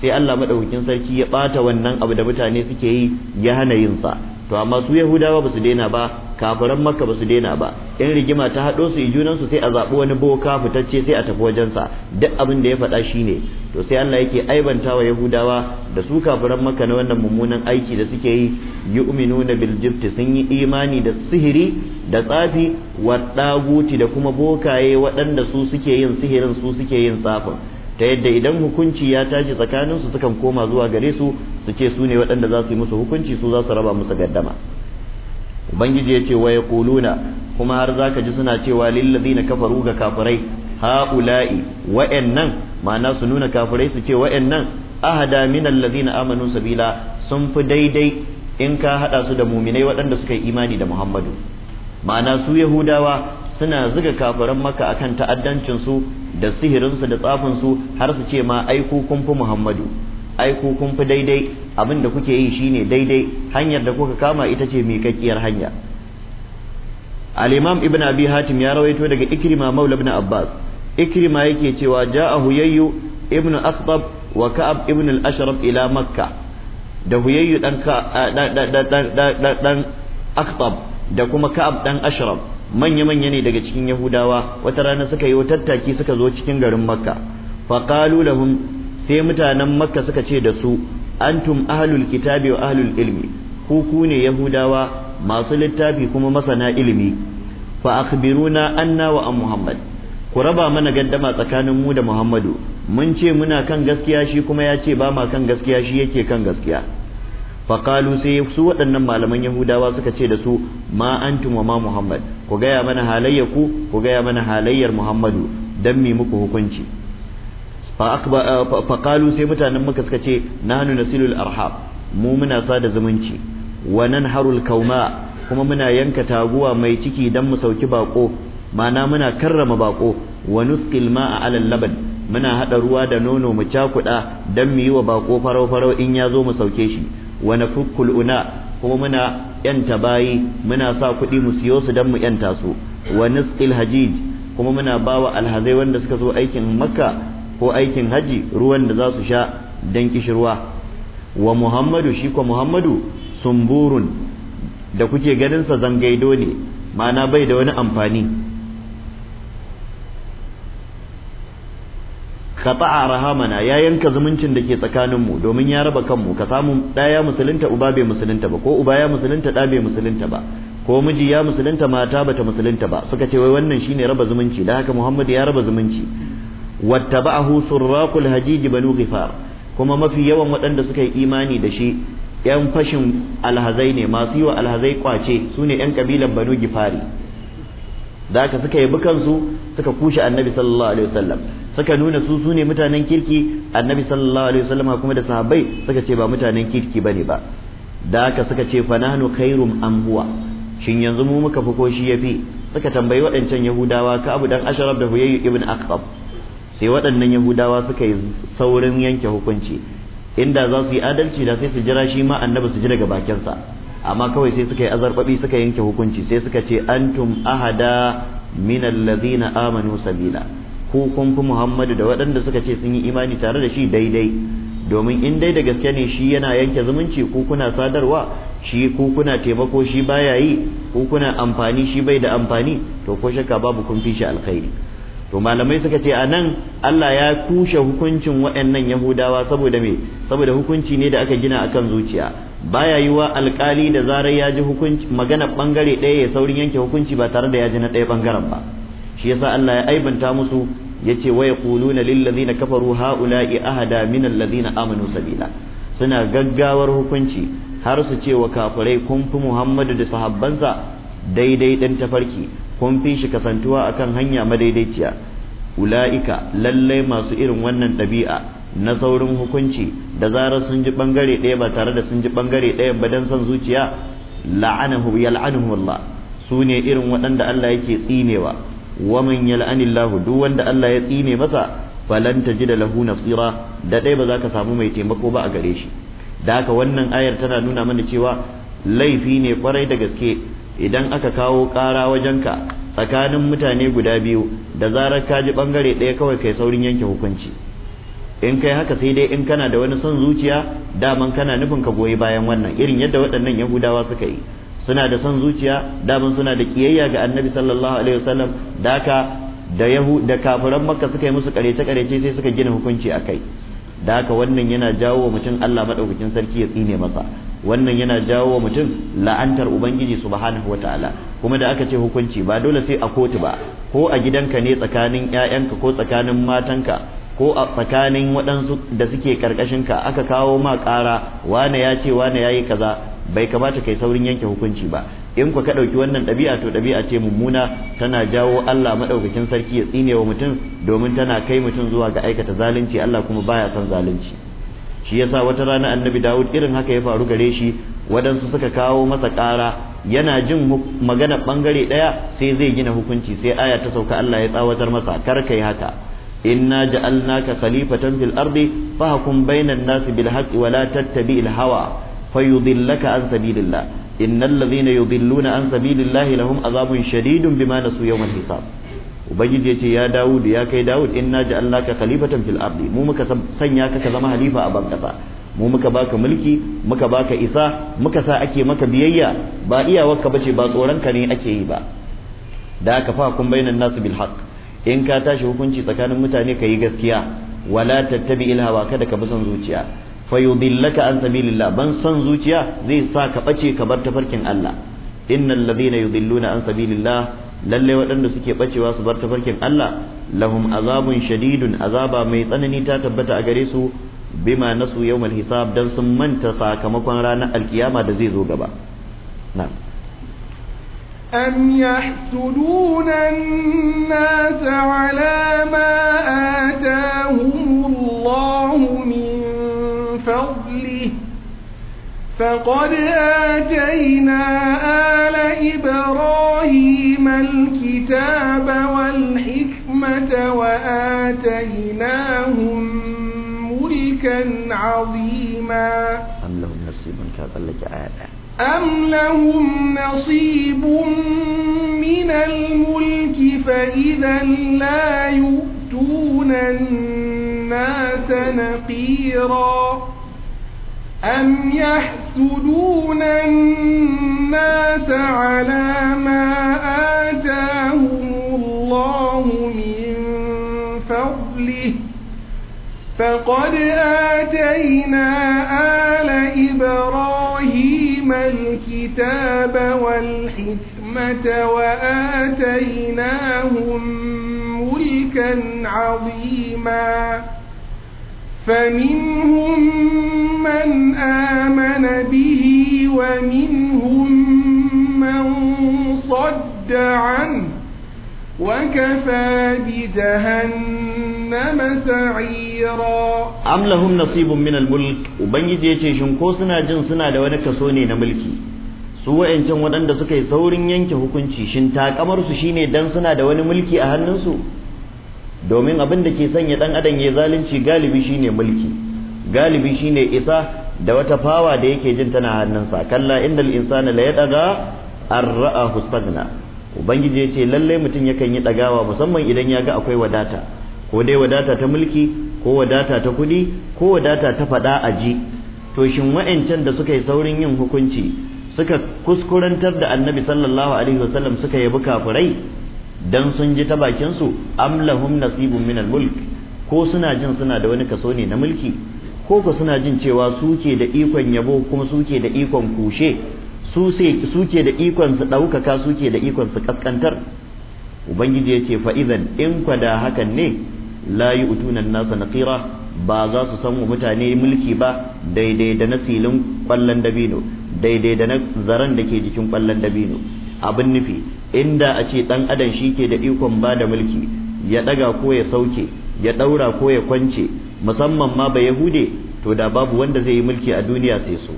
sai Allah madaukakin sarki ya ɓata wannan abu da mutane suke yi ya hana yin sa to amma su yahudawa ba su daina ba kafiran makka ba su daina ba in rigima ta haɗo su junan su sai a zaɓi wani boka fitacce sai a tafi wajen sa duk abin da ya faɗa shi ne to sai Allah yake aibanta wa yahudawa da su kafiran makka na wannan mummunan aiki da suke yi yu'minuna na jibti sun yi imani da sihiri da tsafi wa daguti da kuma bokaye waɗanda su suke yin sihirin su suke yin tsafin ta yadda idan hukunci ya tashi tsakanin su sukan koma zuwa gare su su ce su ne waɗanda za su yi musu hukunci su za su raba musu gaddama ubangiji ya ce wa kuluna kuma har zaka ji suna cewa lil ladina kafaru ga kafirai haula'i wa'annan ma'ana su nuna kafirai su ce wa'annan ahada min na amanu sabila sun fi daidai in ka hada su da muminai waɗanda suka yi imani da Muhammadu ma'ana su yahudawa suna zuga kafiran maka akan ta'addancin su da sihirinsu da tsafin su har su ce ma ai ku kun fi muhammadu ai ku kun fi daidai abin da kuke yi shine daidai hanyar da kuka kama ita ce miƙaƙƙiyar hanya al-imam ibn abi hatim ya rawaito daga ikrima maula ibn abbas ikrima yake cewa ja'a huyayyu ibn akhtab wa ka'ab ibn al-ashraf ila makka da huyayyu dan dan dan akhtab da kuma ka'ab dan ashraf manya-manya ne daga cikin yahudawa wata rana suka yi tattaki suka zo cikin garin makka faƙalu lahum sai mutanen makka suka ce da su antum ahlul kitabi wa ahlul ilmi ku ku ne yahudawa masu littafi kuma masana ilimi fa akhbiruna anna wa an muhammad ku raba mana gaddama tsakanin mu da muhammadu mun ce muna kan gaskiya shi kuma ya ce ba ma kan gaskiya shi yake kan gaskiya faƙalu sai su waɗannan malaman yahudawa suka ce da su ma an wa ma muhammad ku gaya mana halayyar ku ku gaya mana halayyar muhammadu don mi muku hukunci faƙalu eh, sai mutanen muka suka ce na silul arhab mu muna sa da zumunci wa harul kauma kuma muna yanka taguwa mai ciki don mu sauki baƙo ma'ana muna karrama baƙo wa nusqil a alal laban muna haɗa ruwa da nono mu cakuɗa don mu yi wa bako farau-farau in ya zo mu sauke shi wa nafukkul una kuma muna yanta bayi muna sa kuɗi mu siyo su dan mu yanta su wa nisqil hajij kuma muna bawa alhazai wanda suka zo aikin makka ko aikin haji ruwan da za su sha don kishirwa wa muhammadu shi ko muhammadu sumburun da kuke ganin sa zangaido ne ma'ana bai da wani amfani a rahamana ya yanka zumuncin da ke tsakanin mu domin ya raba kanmu ka samu ɗaya ya musulunta uba bai musulunta ba ko uba ya musulunta da bai musulunta ba ko miji ya musulunta mata bata musulunta ba suka ce wai wannan shine raba zumunci da haka Muhammad ya raba zumunci wattaba'ahu surraqul hajiji banu ghifar kuma mafi yawan waɗanda suka yi imani da shi yan fashin alhazai ne masu yi wa alhazai kwace su ne yan kabilan banu gifari da haka suka yi bukansu suka kushe annabi sallallahu alaihi wasallam suka nuna su su ne mutanen kirki annabi sallallahu alaihi wasallam kuma da sahabbai suka ce ba mutanen kirki bane ba da haka suka ce fa nahnu khairum am huwa shin yanzu mu muka fi ko shi yafi suka tambayi waɗancan yahudawa ka abu dan asharab da huyayyu ibn aqab sai waɗannan yahudawa suka yi saurin yanke hukunci inda za su yi adalci da sai su jira shi ma annabi su ji daga bakinsa amma kawai sai suka yi azarbabi suka yanke hukunci sai suka ce antum ahada min allazina amanu sabila ku kun fi muhammadu da waɗanda suka ce sun yi imani tare da shi daidai domin in dai da gaske ne shi yana yanke zumunci ku kuna sadarwa shi ku kuna taimako shi baya yi ku kuna amfani shi bai da amfani to ko shakka babu kun fi shi alkhairi to malamai suka ce anan Allah ya kushe hukuncin waɗannan Yahudawa saboda me saboda hukunci ne da aka gina akan zuciya baya yiwa alkali da zarar ya ji hukunci magana bangare ɗaya ya saurin yanke hukunci ba tare da ya ji na ɗaya bangaren ba shi yasa Allah ya aibanta musu yace wa yaquluna lil ladina kafaru haula'i ahada min alladhina amanu sabila suna gaggawar hukunci har su ce wa kafirai kun fi Muhammadu da sahabbansa daidai dan tafarki kun fi shi kasantuwa akan hanya madaidaiciya ula'ika lallai masu irin wannan ɗabi'a na saurin hukunci da zarar sun ji bangare ɗaya ba tare da sun ji bangare ɗaya ba dan son zuciya la'anahu yal'anuhu Allah su irin waɗanda Allah yake tsinewa wa man yal'anillahu duk wanda Allah ya tsine masa falan tajida lahu nasira da dai ba za ka samu mai taimako ba a gare shi da haka wannan ayar tana nuna mana cewa laifi ne kwarai da gaske idan aka kawo wajen wajenka tsakanin mutane guda biyu da zarar ka ji bangare ɗaya kawai kai saurin yanke hukunci in kai haka sai dai in kana da wani son zuciya daman kana nufin ka goyi bayan wannan irin yadda waɗannan yahudawa suka yi suna da son zuciya daman suna da kiyayya ga annabi sallallahu alaihi wasallam daka da yahu da kafiran makka suka yi musu karece karece sai suka gina hukunci akai da haka wannan yana jawo wa mutum Allah madaukakin sarki ya tsine masa wannan yana jawo wa mutum la'antar ubangiji subhanahu wataala kuma da aka ce hukunci ba dole sai a kotu ba ko a gidanka ne tsakanin 'ya'yanka ko tsakanin matanka ko a tsakanin waɗansu da suke ka aka kawo ma ƙara wane ya ce wane ya yi kaza bai kamata kai saurin yanke hukunci ba in ku ka ɗauki wannan ɗabi'a to ɗabi'a ce mummuna tana jawo Allah maɗaukakin sarki ya tsine wa mutum domin tana kai mutum zuwa ga aikata zalunci Allah kuma baya son zalunci shi yasa wata rana annabi Dawud irin haka ya faru gare shi waɗansu suka kawo masa ƙara yana jin magana ɓangare ɗaya sai zai gina hukunci sai aya ta sauka Allah ya tsawatar masa kar ka yi haka inna ja'alnaka khalifatan fil ardi fahkum bainan nasi bil haqqi wa la tattabi'il hawa fayudillaka an sabilillah na ladhina yudilluna an sabilillah lahum azabun shadidun bima nasu yawmal hisab ubangiji ce ya dawud ya kai dawud inna ja'alnaka khalifatan fil ardi mu muka sanya ka ka zama halifa a ban mu muka baka mulki muka baka isa muka sa ake maka biyayya ba iyawarka bace ba tsoronka ne ake yi ba da aka fa kun bainan nasu bil in ka tashi hukunci tsakanin mutane ka yi gaskiya wala tattabi il hawa kada ka bi son zuciya fa yudillaka an sabilillah ban son zuciya zai sa ka bace ka bar tafarkin Allah innal ladhina yudilluna an sabilillah lalle waɗanda suke bacewa su bar tafarkin Allah lahum azabun shadidun azaba mai tsanani ta tabbata a gare su bima nasu yawmal hisab dan sun manta sakamakon ranar alkiyama da zai zo gaba na'am أم يحسدون الناس على ما آتاهم الله من فضله فقد آتينا آل إبراهيم الكتاب والحكمة وآتيناهم ملكا عظيما أم لهم نصيب كذلك آيات أَمْ لَهُمْ نَصِيبٌ مِنَ الْمُلْكِ فَإِذًا لَا يُؤْتُونَ النَّاسَ نَقِيرًا أَمْ يَحْسُدُونَ النَّاسَ عَلَى مَا آتَاهُمُ اللَّهُ مِنْ فَضْلِهِ فَقَدْ آتَيْنَا آلَ إِبْرَاهِيمَ عليهم الكتاب والحكمة وآتيناهم ملكا عظيما فمنهم من آمن به ومنهم من صد عنه وكفى بجهنم سعيرا أم لهم نصيب من الملك وبنجي يجي شنكو سنا جن سنا da wani kaso ne na mulki su wa'ancan waɗanda suka yi saurin yanke hukunci shin takamar su shine dan suna da wani mulki a hannunsu domin abin da ke sanya ɗan adam ya zalunci galibi shine mulki galibi shine isa da wata fawa da yake jin tana hannunsa kalla in insana la yadaga ar ra'ahu staghna ubangiji ya ce lallai mutum yakan yi ɗagawa musamman idan ya ga akwai wadata ko dai wadata ta mulki ko wadata ta kuɗi ko wadata ta faɗa a ji to shin wa'ancan da suka yi saurin yin hukunci suka kuskurantar da annabi sallallahu alaihi wasallam suka yabi kafirai dan sun ji ta bakin su amlahum nasibun min mulk ko suna jin suna da wani kaso ne na mulki ko ko suna jin cewa suke da ikon yabo kuma suke da ikon kushe su ke da ikon su ɗaukaka su ke da ikon su kaskantar ubangiji ya ce fa'izan in kwada hakan ne la yi utunan nasa naqira ba za su san wa mutane mulki ba daidai da na silin kwallon dabino daidai da na zaren da ke jikin kwallon dabino abin nufi inda a ce ɗan adam shi ke da ikon ba da mulki ya ɗaga ko ya sauke ya ɗaura ko ya kwance musamman ma ba yahude to da babu wanda zai yi mulki a duniya sai su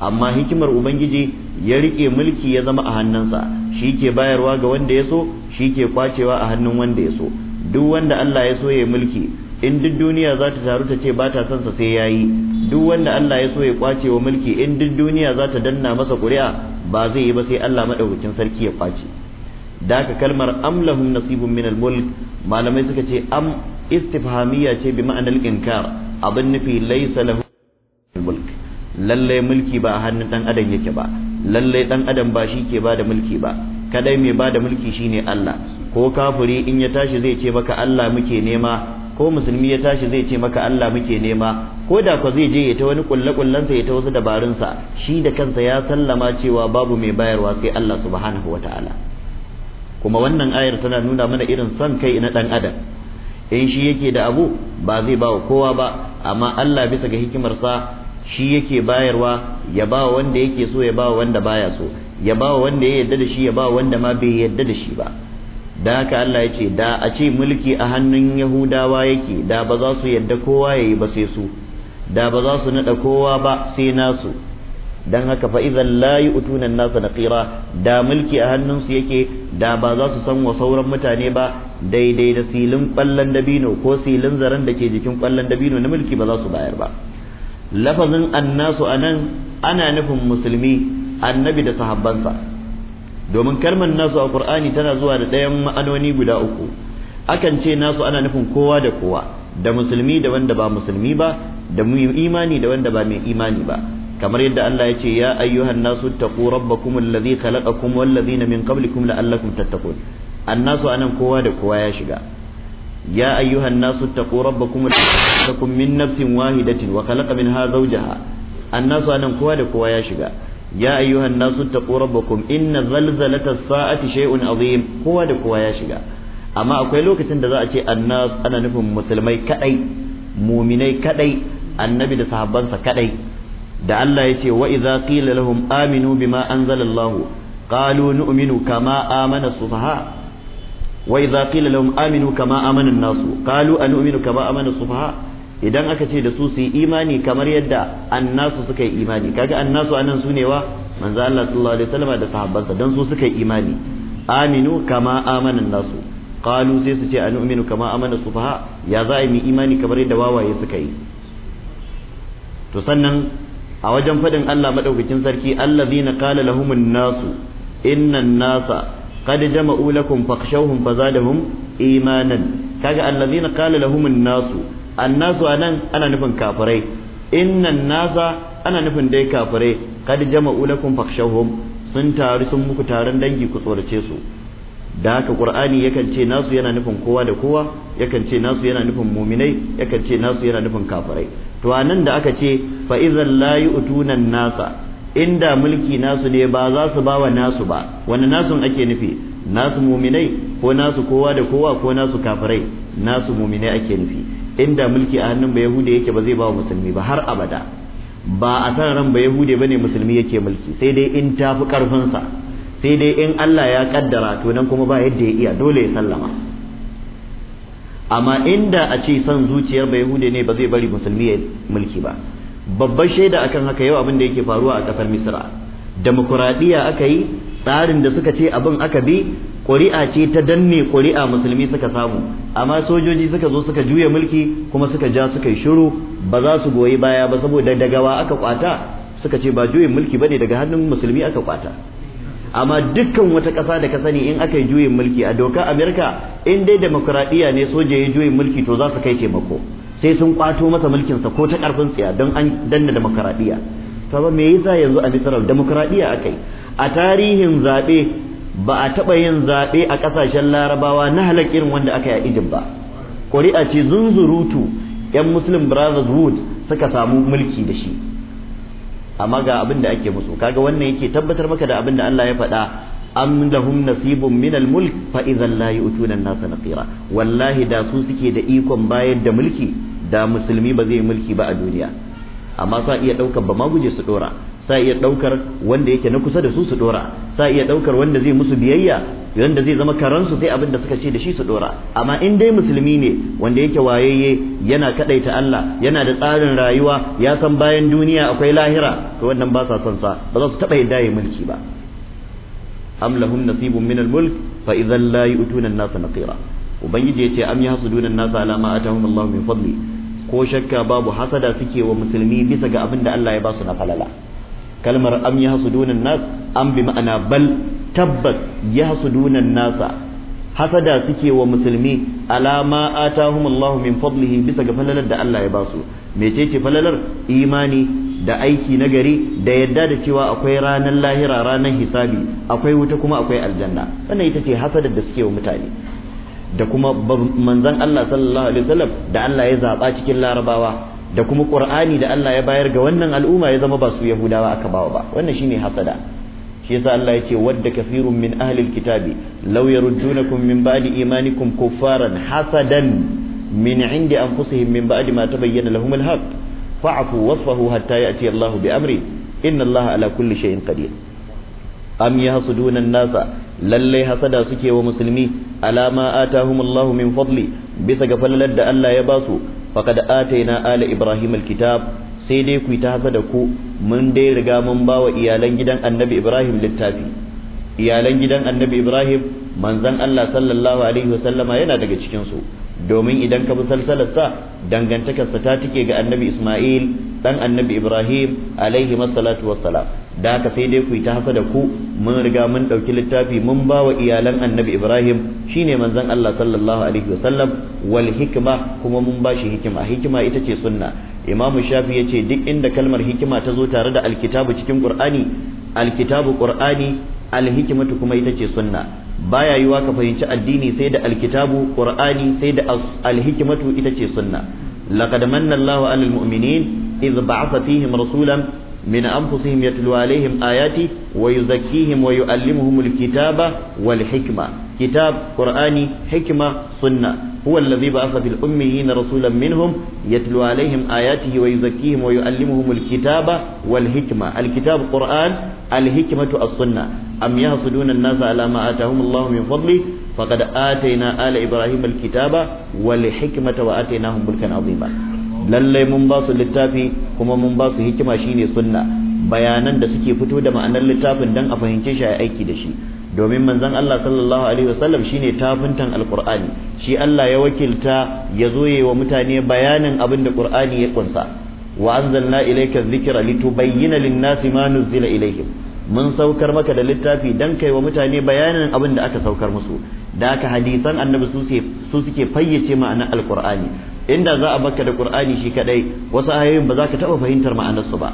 amma hikimar ubangiji ya rike mulki ya zama a hannunsa shi ke bayarwa ga wanda ya so shi ke kwacewa a hannun wanda ya so duk wanda Allah ya so ya mulki in duk duniya za ta taru ta ce ba ta son sa sai yi duk wanda Allah ya so ya kwace wa mulki in duk duniya za ta danna masa ƙuri'a ba zai yi ba sai Allah madaukakin sarki ya kwace daka kalmar amla nasibun min almulk malamai suka ce am istifhamiyya ce bi ma'anar inkar abin nufi laysa lahum mulk lallai mulki ba a hannun dan adam yake ba lallai dan adam ba shi ke bada mulki ba kadai mai bada mulki shine Allah ko kafuri in ya tashi zai ce maka Allah muke nema ko musulmi ya tashi zai ce maka Allah muke nema ko da ko zai je ya ta wani kulle kullen sa ya ta wasu dabarun sa shi da kansa ya sallama cewa babu mai bayarwa sai Allah subhanahu wataala kuma wannan ayar tana nuna mana irin son kai na dan adam in shi yake da abu ba zai ba kowa ba amma Allah bisa ga hikimarsa shi yake bayarwa ya ba wanda yake so ya ba wanda baya so ya ba wanda ya yarda da shi ya ba wanda ma bai yarda da shi ba da haka Allah ya ce da a ce mulki a hannun Yahudawa yake da ba za su yarda kowa yayi ba sai su da ba za su nada kowa ba sai nasu dan haka fa idan la yu'tuna an-nasa naqira da mulki a hannun su yake da ba za su san wa sauran mutane ba daidai da silin kwallon dabino ko silin zaren da ke jikin kwallon dabino na mulki ba za su bayar ba lafazin annasu nan ana nufin musulmi annabi da sahabbansa domin kalmar nasu a Kur'ani tana zuwa da ɗayan ma'anoni guda uku akan ce nasu ana nufin kowa da kowa da musulmi da wanda ba musulmi ba da mai imani da wanda ba mai imani ba kamar yadda Allah ya ce ya ayyuhan nasu taqu rabbakum alladhi khalaqakum wal ladhina min qablikum la'allakum tattaqun annasu anan kowa da kowa ya shiga يا أيها الناس اتقوا ربكم لكم من نفس واحدة وخلق منها زوجها الناس أنا كوالك ويا شقا يا أيها الناس اتقوا ربكم إن زلزلة الساعة شيء عظيم كوالك ويا شقا أما أقول لك تند الناس أنا نفهم مسلمي كأي مؤمني كأي النبي da sahabbansa kadai da Allah ya ce wa idza qila lahum aminu bima anzala Allah qalu nu'minu kama amana sufaha wai idza qila lahum aminu kama amana an-nasu qalu anu'minu kama idan aka ce da su su yi imani kamar yadda annasu suka yi imani kaga annasu anan sune wa manzo Allah sallallahu alaihi wasallam da sahabbansa dan su suka yi imani aminu kama amana nasu qalu sai su ce anu'minu kama amana sufaha ya za mu imani kamar yadda wawaye suka yi to sannan a wajen fadin Allah madaukakin sarki allazina qala lahumun nasu innan nasa قد جمعوا لكم فخشوهم فزادهم ايمانا كذا الذين قال لهم الناس nasu annasu anan ana nufin ان innan nasa ana nufin dai قد جمعوا لكم فخشوهم sun taru sun muku taron dangi ku tsorace su da haka qur'ani yakan ce nasu yana nufin kowa da kowa yakan ce nasu yana nufin muminai yakan ce nasu yana nufin kafirai to anan da aka ce fa idhal la yu'tuna nasa inda mulki nasu ne ba za su bawa nasu ba wani nasu ake nufi nasu muminai ko nasu kowa da kowa ko nasu kafirai nasu muminai ake nufi inda mulki a hannun ba yahude yake ba zai bawa musulmi ba har abada ba a san ran ba ne musulmi yake mulki sai dai in tafi karfinsa sai dai in Allah ya kaddara to nan kuma ba yadda ya iya dole ya sallama amma inda a ce son zuciyar ba ne ba zai bari musulmi ya mulki ba babban shaida akan haka yau abin da yake faruwa a kasar misra demokuraɗiyya aka yi tsarin da suka ce abin aka bi ƙuri'a ce ta danne ƙuri'a musulmi suka samu amma sojoji suka zo suka juya mulki kuma suka ja suka yi shiru ba za su goyi baya ba saboda dagawa aka kwata suka ce ba juyin mulki bane daga hannun musulmi aka kwata amma dukkan wata ƙasa da ka sani in aka yi juyin mulki a doka amerika in dai demokuraɗiyya ne soja ya juyin mulki to za su kai taimako sai sun kwato masa mulkinsa ko ta karfin tsiya don an danna demokaradiyya to ba me yasa yanzu a Misra demokaradiyya akai a tarihin zaɓe ba a taɓa yin zaɓe a kasashen larabawa na halak irin wanda aka yi a Egypt ba ƙuri'a ce zunzurutu 'yan muslim brothers wood suka samu mulki da shi amma ga abin da ake musu kaga wannan yake tabbatar maka da abin da Allah ya faɗa am lahum nasibun min al-mulk fa idhan la yu'tuna an-nasa naqira wallahi da su suke da ikon bayar da mulki da musulmi ba zai mulki ba a duniya amma sa iya daukar ba ma guje su dora sa iya daukar wanda yake na kusa da su su dora sa iya daukar wanda zai musu biyayya wanda zai zama su sai abin da suka ce da shi su dora amma in dai musulmi ne wanda yake wayayye yana kadaita Allah yana da tsarin rayuwa ya san bayan duniya akwai lahira to wannan ba sa son sa ba za su taba yadda mulki ba am lahum nasibun min al-mulk fa idhan la yu'tuna an-nasa naqira ubangiji yace am yahsuduna an-nasa ala ma atahum Allah min fadli ko shakka babu hasada suke wa musulmi bisa ga abinda Allah ya ba su na falala kalmar am yahsuduna an-nas am bi ma'ana bal tabbas yahsuduna an-nasa hasada suke wa musulmi alama atahum Allah min fadlihi bisa ga falalar da Allah ya basu mecece falalar imani da aiki na gari da yadda da cewa akwai ranar lahira ranar hisabi akwai wuta kuma akwai aljanna wannan ita ce hasadar da suke wa mutane da kuma manzon Allah sallallahu alaihi wasallam da Allah ya zaba cikin larabawa da kuma qur'ani da Allah ya bayar ga wannan al'umma ya zama ba su yahudawa aka bawa ba wannan shine hasada shi yasa Allah ya ce wadda kafirun min ahli alkitabi law yaruddunakum min ba'di imanikum kuffaran hasadan min indi anfusihim min ba'di ma tabayyana lahum alhaq fa'afu wasfahu hatta ya'ti Allah bi amri inna Allah ala kulli shay'in qadir am yahsuduna an-nasa lallai hasada suke wa musulmi alama atahumullahu min fadli bisa ga falalar da Allah ya basu faqad ataina ala ibrahim alkitab sai dai ku ta hasada ku mun dai riga mun bawa iyalan gidan annabi ibrahim littafi iyalan gidan annabi ibrahim manzon Allah sallallahu alaihi wasallama yana daga cikin su domin idan ka bi salsalarsa dangantakarsa ta tike ga annabi Ismail dan annabi Ibrahim alaihi masallatu wassalam da haka sai dai ku yi ta hasa da ku mun riga mun ɗauki littafi mun ba wa iyalan annabi Ibrahim shine manzon Allah sallallahu alaihi wasallam wal hikma kuma mun ba shi hikima hikima ita ce sunna Imam Shafi ce duk inda kalmar hikima ta zo tare da alkitabu cikin Qur'ani alkitabu Qur'ani alhikmatu kuma ita ce sunna baya yiwa ka fahimci addini sai da alkitabu kur'ani sai da alhikmatu ita ce sunna laqad manna Allahu 'alal mu'minin idh ba'atha fihim rasulan min anfusihim yatlu 'alayhim ayati wa yuzakkihim wa yu'allimuhum alkitaba wal hikma kitab qur'ani hikima sunna هو الذي بعث في الأميين رسولا منهم يتلو عليهم آياته ويزكيهم ويعلمهم الكتاب والحكمة الكتاب قرآن الحكمة السنة أم يحصدون الناس على ما آتاهم الله من فضله فقد آتينا آل إبراهيم الكتاب والحكمة وآتيناهم ملكا عظيما lallai mun ba su littafi kuma mun ba su hikima shine sunna bayanan da suke fito da ma'anar littafin dan a fahimce shi a aiki da shi domin manzon Allah sallallahu alaihi wasallam ne tafintan alkur'ani shi Allah ya wakilta ya zo wa mutane bayanin abin da ƙur'ani ya ƙunsa. wa anzalna ilayka dhikra litubayyana lin-nasi ma nuzila ilayhim mun saukar maka da littafi dan kai wa mutane bayanin abin da aka saukar musu da haka hadisan annabi su suke fayyace ma'anar alqur'ani inda za a baka da qur'ani shi kadai wasu ayoyin ba za ka taba fahimtar ma'anarsu ba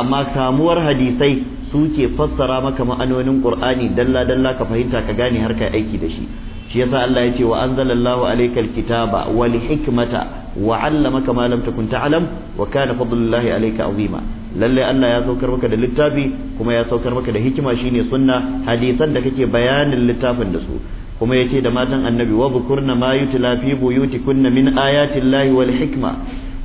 amma samuwar hadisai su ke fassara maka ma'anonin qur'ani dalla dalla ka fahimta ka gane har kai aiki da shi shi yasa Allah ya ce wa anzalallahu alaykal kitaba wal hikmata wa 'allamaka ma lam takun ta'lam wa kana fadlullahi alayka 'azima lalle Allah ya saukar maka da littafi kuma ya saukar maka da hikima shine sunna hadisan da kake bayanin littafin da su kuma yace da matan annabi wa bukurna ma yutla fi buyutikunna min ayati llahi wal hikma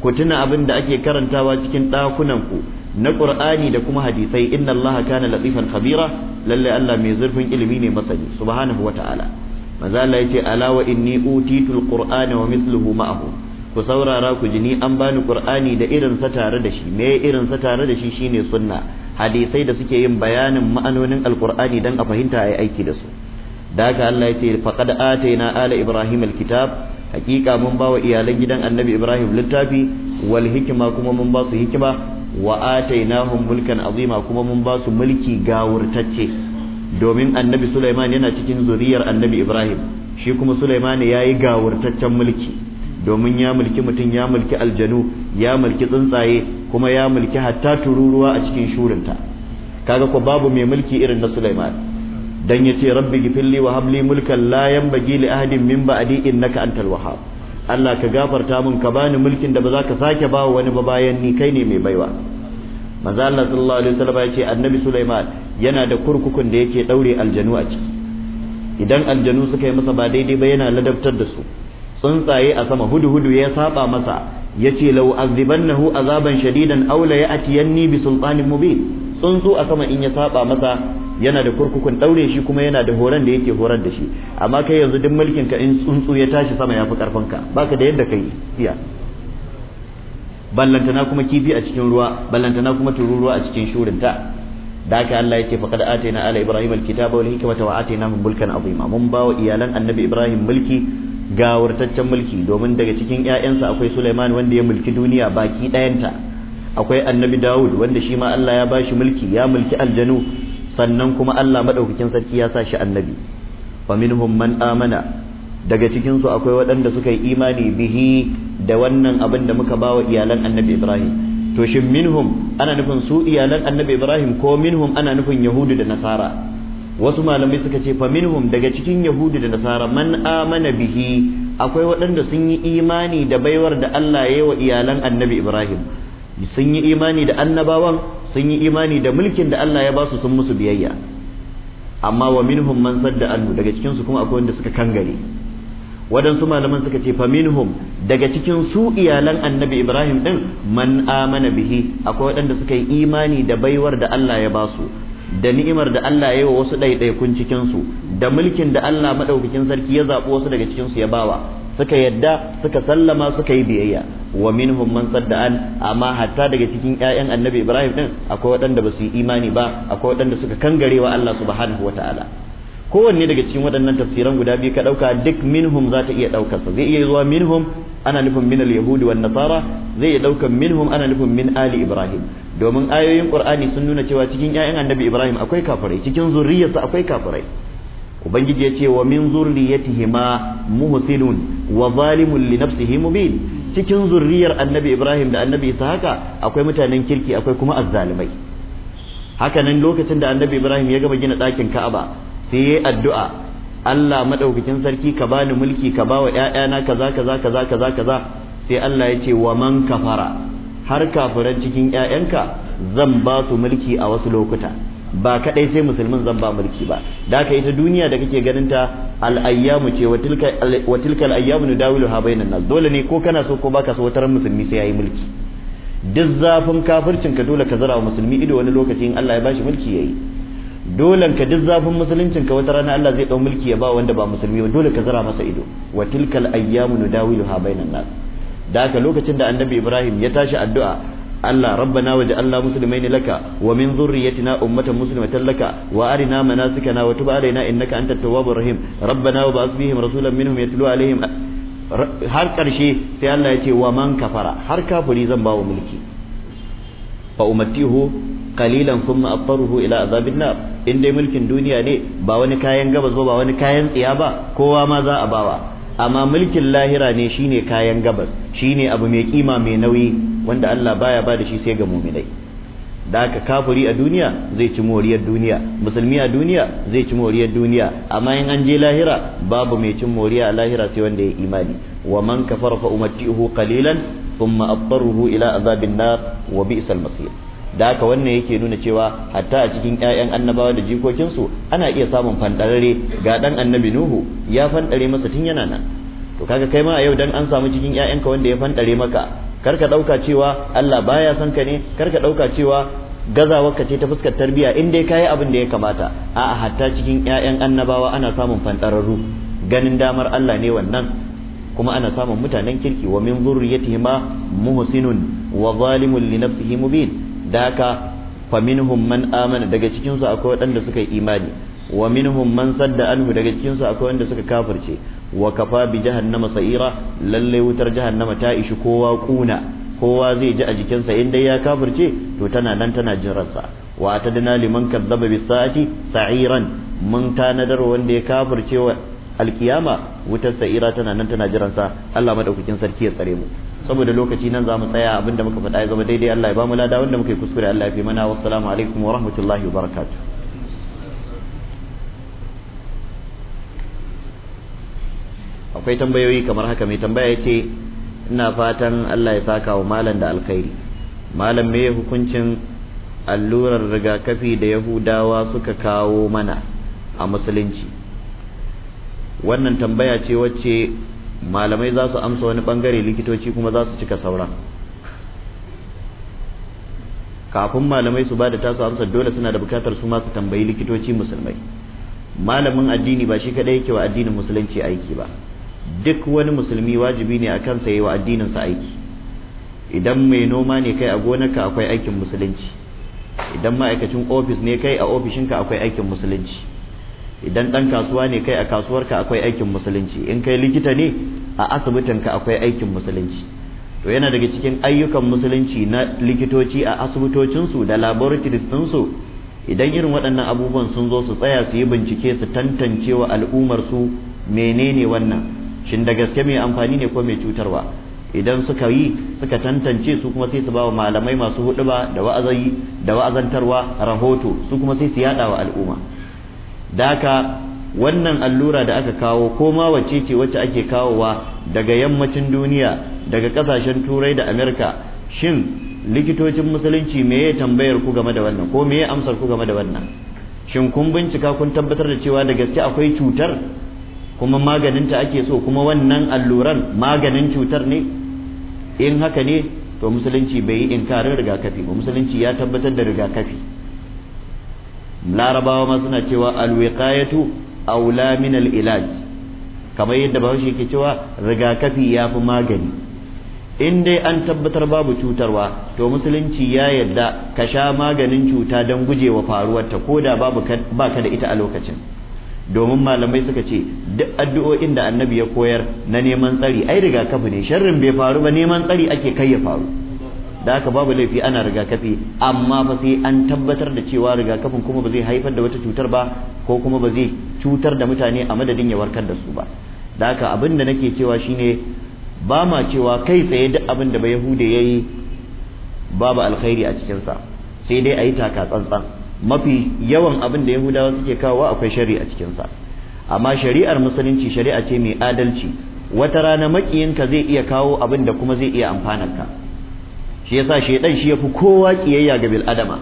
ku tuna abin da ake karantawa cikin ɗakunanku ku na qur'ani da kuma hadisai inna allaha kana latifan khabira lalle allah mai zurfin ilimi ne masani subhanahu wataala maza allah yace ala wa inni utitul qur'ana wa mithluhu ma'ahu ku saurara ku ji ni an bani qur'ani da irin sa tare da shi me irin sa tare da shi shine sunna hadisai da suke yin bayanin ma'anonin alqur'ani dan a fahimta ayi aiki da su da haka allah yace faqad ataina ala ibrahim alkitab hakika mun bawa iyalan gidan annabi ibrahim littafi wal hikima kuma mun ba su hikima wa atainahum mulkan azima kuma mun ba su mulki gawurtacce domin annabi Sulaiman yana cikin zuriyar annabi Ibrahim shi kuma Sulaiman ya yi gawurtaccen mulki domin ya mulki mutum ya mulki aljanu ya mulki tsuntsaye kuma ya mulki hatta tururuwa a cikin shurinta kaga ko babu mai mulki irin na Sulaiman dan yace rabbi gifilli wa habli mulkan la yanbaghi li ahadin min ba'di innaka antal wahhab Allah ka gafarta mun ka bani mulkin da ba za ka sake ba wani ba bayan ni kai ne mai baiwa manzo Allah sallallahu alaihi wasallam ya ce annabi Sulaiman yana da kurkukun da yake daure aljanu a ciki idan aljanu suka yi masa ba daidai ba yana ladabtar da su tsuntsaye a sama hudu hudu ya saba masa yace law azibannahu azaban shadidan aw la ya'tiyanni bi sultanin mubin tsuntsu a sama in ya saba masa yana da kurkukun daure shi kuma yana da horon da yake horar da shi amma kai yanzu duk mulkin ka in tsuntsu ya tashi sama yafi karfin ka baka da yadda kai iya ballantana kuma kifi a cikin ruwa ballantana kuma tururuwa a cikin shurinta da haka Allah yake faqad atayna ala ibrahim alkitaba wal hikmata wa atayna min mulkan azima mun bawa iyalan annabi ibrahim mulki gawurtaccen mulki domin daga cikin ƴaƴansa akwai Sulaiman wanda ya mulki duniya baki ɗayanta akwai annabi Dawud wanda shi ma Allah ya bashi mulki ya mulki aljanu sannan kuma Allah madaukakin sarki ya sa shi annabi wa minhum man amana daga cikin su akwai waɗanda suka yi imani bihi da wannan abin da muka bawa iyalan annabi Ibrahim to shin minhum ana nufin su iyalan annabi Ibrahim ko minhum ana nufin yahudu da nasara wasu malamai suka ce fa minhum daga cikin yahudu da nasara man amana bihi akwai waɗanda sun yi imani da baiwar da Allah ya yi wa iyalan annabi Ibrahim sun yi imani da annabawan sun yi imani da mulkin da Allah ya ba su sun musu biyayya amma wa minhum man sadda anhu daga cikin su kuma akwai wanda suka kangare wadansu malaman suka ce fa minhum daga cikin su iyalan annabi Ibrahim din man amana bihi akwai wadanda suka yi imani da baiwar da Allah ya ba su da ni'imar da Allah ya yi wa wasu ɗaiɗaikun cikin su da mulkin da Allah madaukakin sarki ya zaɓi wasu daga cikin su ya bawa suka yadda suka sallama suka yi biyayya wa minhum man sadda'an amma hatta daga cikin ƴaƴan annabi ibrahim din akwai waɗanda ba su yi imani ba akwai waɗanda suka kangare wa allah subhanahu wataala kowanne daga cikin waɗannan tafsiran guda biyu ka ɗauka duk minhum za ta iya ɗaukar zai iya zuwa minhum ana nufin min al-yahudi wan nasara zai iya ɗaukar minhum ana nufin min ali ibrahim domin ayoyin qur'ani sun nuna cewa cikin ƴaƴan annabi ibrahim akwai kafirai cikin zurriyarsa akwai kafirai ubangiji ya ce wa min zurriyatihima muhsinun wa zalimun li nafsihi mubin cikin zurriyar annabi ibrahim da annabi haka akwai mutanen kirki akwai kuma azzalimai haka nan lokacin da annabi ibrahim ya gama gina ɗakin ka'aba sai yayi addu'a Allah madaukakin sarki ka bani mulki ka bawa ƴaƴana kaza kaza kaza kaza kaza sai Allah ya ce wa man kafara har kafiran cikin ƴaƴanka zan ba su mulki a wasu lokuta ba kadai sai musulmin zan ba mulki ba da haka ita duniya da kake ganin ta al-ayyamu ce wa tilka al-ayyamu nudawiluha bainan nas dole ne ko kana so ko baka so wataran musulmi sai yayi mulki duk zafin kafircin ka dole ka zara wa musulmi ido wani lokaci in Allah ya bashi mulki yayi dole ka duk zafin musuluncin ka wata rana Allah zai dau mulki ya ba wanda ba musulmi ba dole ka zara masa ido wa tilka al ayyamu nudawiluha bainan nas da haka lokacin da annabi Ibrahim ya tashi addu'a Allah rabbana waj'alna muslimaini laka wa min dhurriyyatina ummatan muslimatan laka wa arina manasikana wa tub alaina innaka antat tawwabur rahim rabbana wa ba'ath fihim rasulan minhum yatlu alaihim har karshe sai Allah ya ce wa man kafara har kafuri zan bawa mulki fa umatihu qalilan thumma attaruhu ila azabin nar in dai mulkin duniya ne ba wani kayan gabas ba ba wani kayan tsiya ba kowa ma za a bawa amma mulkin lahira ne shine kayan gabas shine abu mai kima mai nauyi wanda Allah baya ba da shi sai ga muminai da ka kafiri a duniya zai ci moriyar duniya musulmi a duniya zai ci moriyar duniya amma in an je lahira babu mai cin moriya a lahira sai wanda ya imani wa man kafara fa umatihu qalilan thumma abtaruhu ila azabin nar wa bi'sal masir da haka wannan yake nuna cewa hatta a cikin ƴaƴan annabawa da jikokinsu ana iya samun fandarare ga dan annabi nuhu ya fandare masa tun yana nan to kaga kai ma a yau dan an samu cikin ƴaƴanka wanda ya fandare maka karka ɗauka cewa Allah baya son ka ne karka ɗauka cewa ka ce ta fuskar tarbiyya in dai kai abin da ya kamata a'a hatta cikin ƴaƴan annabawa ana samun fantararru ganin damar Allah ne wannan kuma ana samun mutanen kirki wa min zurriyatihima muhsinun wa zalimun li nafsihi mubin da haka fa minhum man amana daga cikin su akwai waɗanda suka yi imani wa minhum man sadda anhu daga cikin su akwai wanda suka kafirce wa kafa bi jahannama sa'ira lalle wutar jahannama ta ishi kowa kuna kowa zai ji a sa in dai ya kafirce to tana nan tana jiransa wa atadna liman kazzaba bis sa'ati sa'iran mun tanadar wanda ya kafirce wa alkiyama wutar sa'ira tana nan tana jiransa Allah madaukakin sarki ya tsare mu saboda lokaci nan za mu tsaya abinda muka faɗa ya zama daidai Allah ya ba mu lada wanda muka yi kuskure Allah ya fi mana wassalamu alaikum wa rahmatullahi wa barakatuh akwai tambayoyi kamar haka mai tambaya ce ina fatan Allah ya saka wa malam da alkhairi malam me hukuncin allurar rigakafi da yahudawa suka kawo mana a musulunci wannan tambaya ce wacce malamai za su amsa wani bangare likitoci kuma za su cika sauran kafin malamai su ba da tasu amsa dole suna da bukatar su ma su tambayi likitoci musulmai malamin addini ba shi kadai yake wa addinin musulunci aiki ba duk wani musulmi wajibi ne a kansa yi wa addininsa aiki idan mai noma ne kai a gonarka akwai aikin musulunci idan ma'aikacin ofis ne kai a ofishinka akwai aikin musulunci idan ɗan kasuwa ne kai a kasuwarka akwai aikin musulunci in kai likita ne a asibitinka akwai aikin musulunci to yana daga cikin ayyukan musulunci na likitoci a asibitocinsu da laboratories ɗinsu idan irin waɗannan abubuwan sun zo su tsaya su yi bincike su tantance wa al'ummar su menene wannan shin da gaske mai amfani ne ko mai cutarwa idan suka yi suka tantance su kuma sai su ba wa malamai masu huduba da wa'azi da wa'azantarwa rahoto su kuma sai su yada wa al'umma daka wannan allura da aka kawo ko ma wacce ce wacce ake kawowa daga yammacin duniya daga kasashen turai da amerika shin likitocin musulunci me ya tambayar ku game da wannan ko me ya amsar ku game da wannan shin kun bincika kun tabbatar da cewa da gaske akwai cutar kuma maganinta ake so kuma wannan alluran maganin cutar ne in haka ne to musulunci bai yi inkarin rigakafi ba musulunci ya tabbatar da rigakafi larabawa ma suna cewa alwiqayatu aula min ilaj kamar yadda bahaushe ke cewa rigakafi yafi fi magani in dai an tabbatar babu cutarwa to musulunci ya yadda ka sha maganin cuta don gujewa faruwarta ko da babu ba ka da ita a lokacin domin malamai suka ce duk addu'o'in da annabi ya koyar na neman tsari ai rigakafi ne sharrin bai faru ba neman tsari ake kai ya faru da haka babu laifi ana rigakafi amma fa sai an tabbatar da cewa rigakafin kuma ba zai haifar da wata cutar ba ko kuma ba zai cutar da mutane a madadin ya warkar da su ba da haka abin da nake cewa shine ba ma cewa kai tsaye duk abin da ba yahude yayi babu alkhairi a cikinsa sai dai a yi taka tsantsan mafi yawan abin da yahudawa suke kawo akwai shari'a cikinsa amma shari'ar musulunci shari'a ce mai adalci wata rana makiyinka zai iya kawo abin da kuma zai iya amfanarka shi yasa shaidan shi yafi kowa kiyayya ga bil adama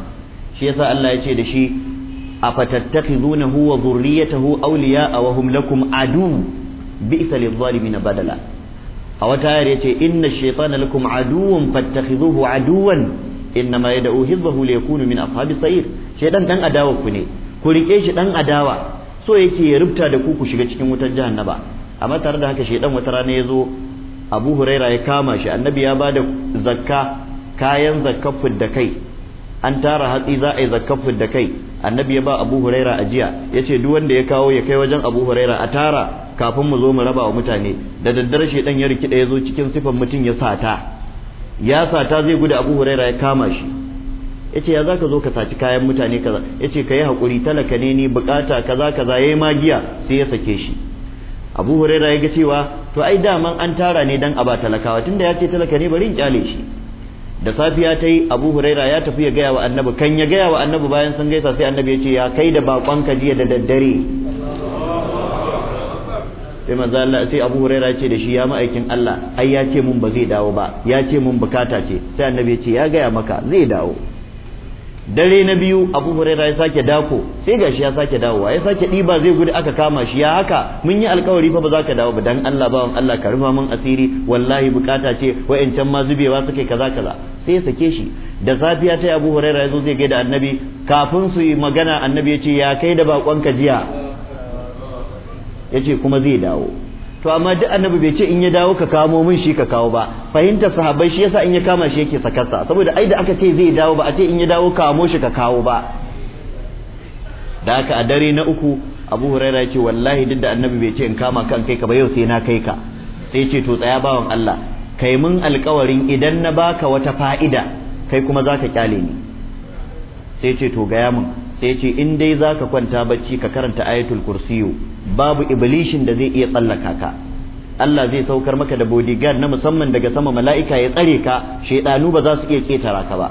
shi yasa Allah ya ce da shi afatattakhizunahu wa dhurriyyatahu awliya'a wa hum lakum adu bi'sa lidh-dhalimin badala a wata ayar yace inna ash-shaytana lakum aduwwun fattakhidhuhu aduwwan innama yad'u hizbahu liyakunu min ashabis sa'ir shedan dan adawa ku ne ku rike shi dan adawa so yake ya rubta da ku ku shiga cikin wutar jahannama amma tare da haka shedan wata rana ya zo Abu Huraira ya kama shi annabi ya bada zakka kayan zakkafin da kai an tara hatsi za a yi zakkafin da kai annabi ya ba Abu Huraira ajiya yace duk wanda ya kawo ya kai wajen Abu Huraira a tara kafin mu zo mu raba wa mutane da daddare shedan ya rikida ya zo cikin sifan mutum ya sata ya sata zai gudu Abu Huraira ya kama shi yace ya zaka zo ka saci kayan mutane kaza yace yi hakuri talaka ne ni bukata kaza kaza yayi magiya sai ya sake shi Abu Hurairah ya ga cewa to ai daman an tara ne dan aba talakawa tunda yace ce talaka ne bari in kyale shi da safiya ta yi Abu Hurairah ya tafi ya gaya wa Annabi kan ya gaya wa Annabi bayan sun gaisa sai Annabi ya ce ya kai da bakon jiya da daddare sai manzo Allah sai Abu huraira ce da shi ya ma'aikin Allah ai ya ce mun ba zai dawo ba ya ce mun bukata ce sai Annabi ya ce ya gaya maka zai dawo dare na biyu abu huraira ya sake dako sai gashi ya sake dawowa ya sake ɗiba zai gudu aka kama shi ya haka mun yi alkawari fa ba za ka dawo ba dan Allah bawan Allah ka rufa mun asiri wallahi bukata ce wayancan ma zubewa suke kaza kaza sai ya sake shi da safiya ta abu huraira ya zo zai gaida annabi kafin su yi magana annabi ya ce ya kai da bakon ka jiya yace kuma zai dawo to amma duk annabi bai ce in ya dawo ka kamo min shi ka kawo ba fahimtar sahabbai shi yasa in ya kama shi yake sakarsa saboda ai da aka ce zai dawo ba a ce in ya dawo kamo shi ka kawo ba da haka a dare na uku abu huraira ya ce wallahi duk da annabi bai ce in kama kan kai ka ba yau sai na kai ka sai ce to tsaya bawan Allah kai mun alkawarin idan na baka wata fa'ida kai kuma za ka kyale ni sai ce to gaya mun sai ce in dai za ka kwanta bacci ka karanta ayatul kursiyu babu iblishin da zai iya tsallaka ka Allah zai saukar maka da bodyguard na musamman daga sama mala'ika ya tsare ka shaidanu ba za su iya ketara ka ba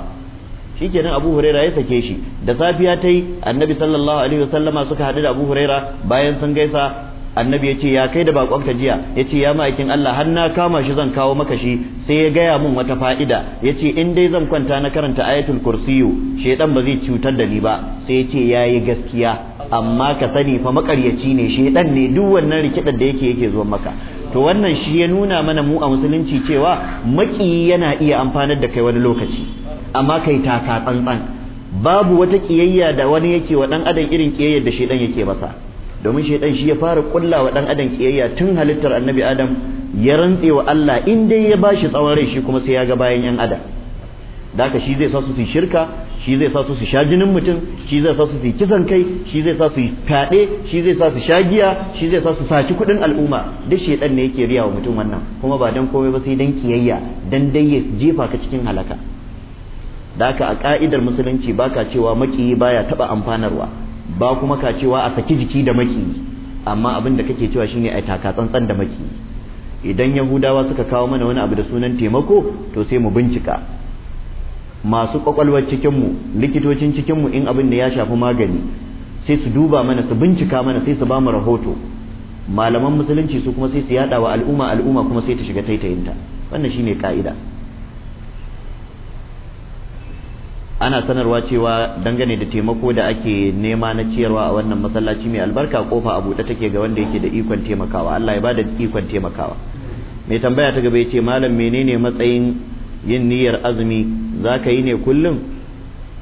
shikenan Abu Huraira ya sake shi da safiya ta yi Annabi sallallahu alaihi wasallama suka hadu da Abu Huraira bayan sun gaisa annabi ya ce ya kai da bakonka jiya ya ce ya ma'aikin Allah har na kama shi zan kawo maka shi sai ya gaya mun wata fa'ida ya ce in dai zan kwanta na karanta ayatul kursiyu shedan ba zai cutar da ni ba sai ya yi gaskiya amma ka sani fa makaryaci ne shedan ne duk wannan rikidar da yake yake zuwa maka to wannan shi ya nuna mana mu a musulunci cewa maki yana iya amfanar da kai wani lokaci amma kai taka tsantsan babu wata kiyayya da wani yake wa dan adam irin kiyayyar da shedan yake masa domin shaitan shi ya fara kulla wa dan adam kiyayya tun halittar annabi adam ya rantse wa Allah in dai ya bashi tsawon rai shi kuma sai ya ga bayan yan adam daka shi zai sa su su shirka shi zai sa su su sha jinin mutum shi zai sa su su kisan kai shi zai sa su fyaɗe shi zai sa su sha giya shi zai sa su saci kuɗin al'umma duk shaitan ne yake riya wa mutum wannan kuma ba dan komai ba sai dan kiyayya dan dai ya jefa ka cikin halaka daka a ka'idar musulunci baka cewa makiyi baya taba amfanarwa ba kuma ka cewa a saki jiki da maki amma abin da kake cewa shine ai taka tsantsan da maki idan yahudawa suka kawo mana wani abu da sunan taimako to sai mu bincika masu kwakwalwar mu likitocin cikin mu in abin da ya shafi magani sai su duba mana su bincika mana sai su ba mu rahoto malaman musulunci su kuma sai su yada wa al'umma al'umma kuma sai ta shiga taitayinta wannan shine ka'ida ana sanarwa cewa dangane da taimako da ake nema na ciyarwa a wannan masallaci mai albarka kofa a buɗe take ga wanda yake da ikon taimakawa Allah ya bada ikon taimakawa mai tambaya ta gaba yace malam menene matsayin yin niyyar azumi zaka yi ne kullum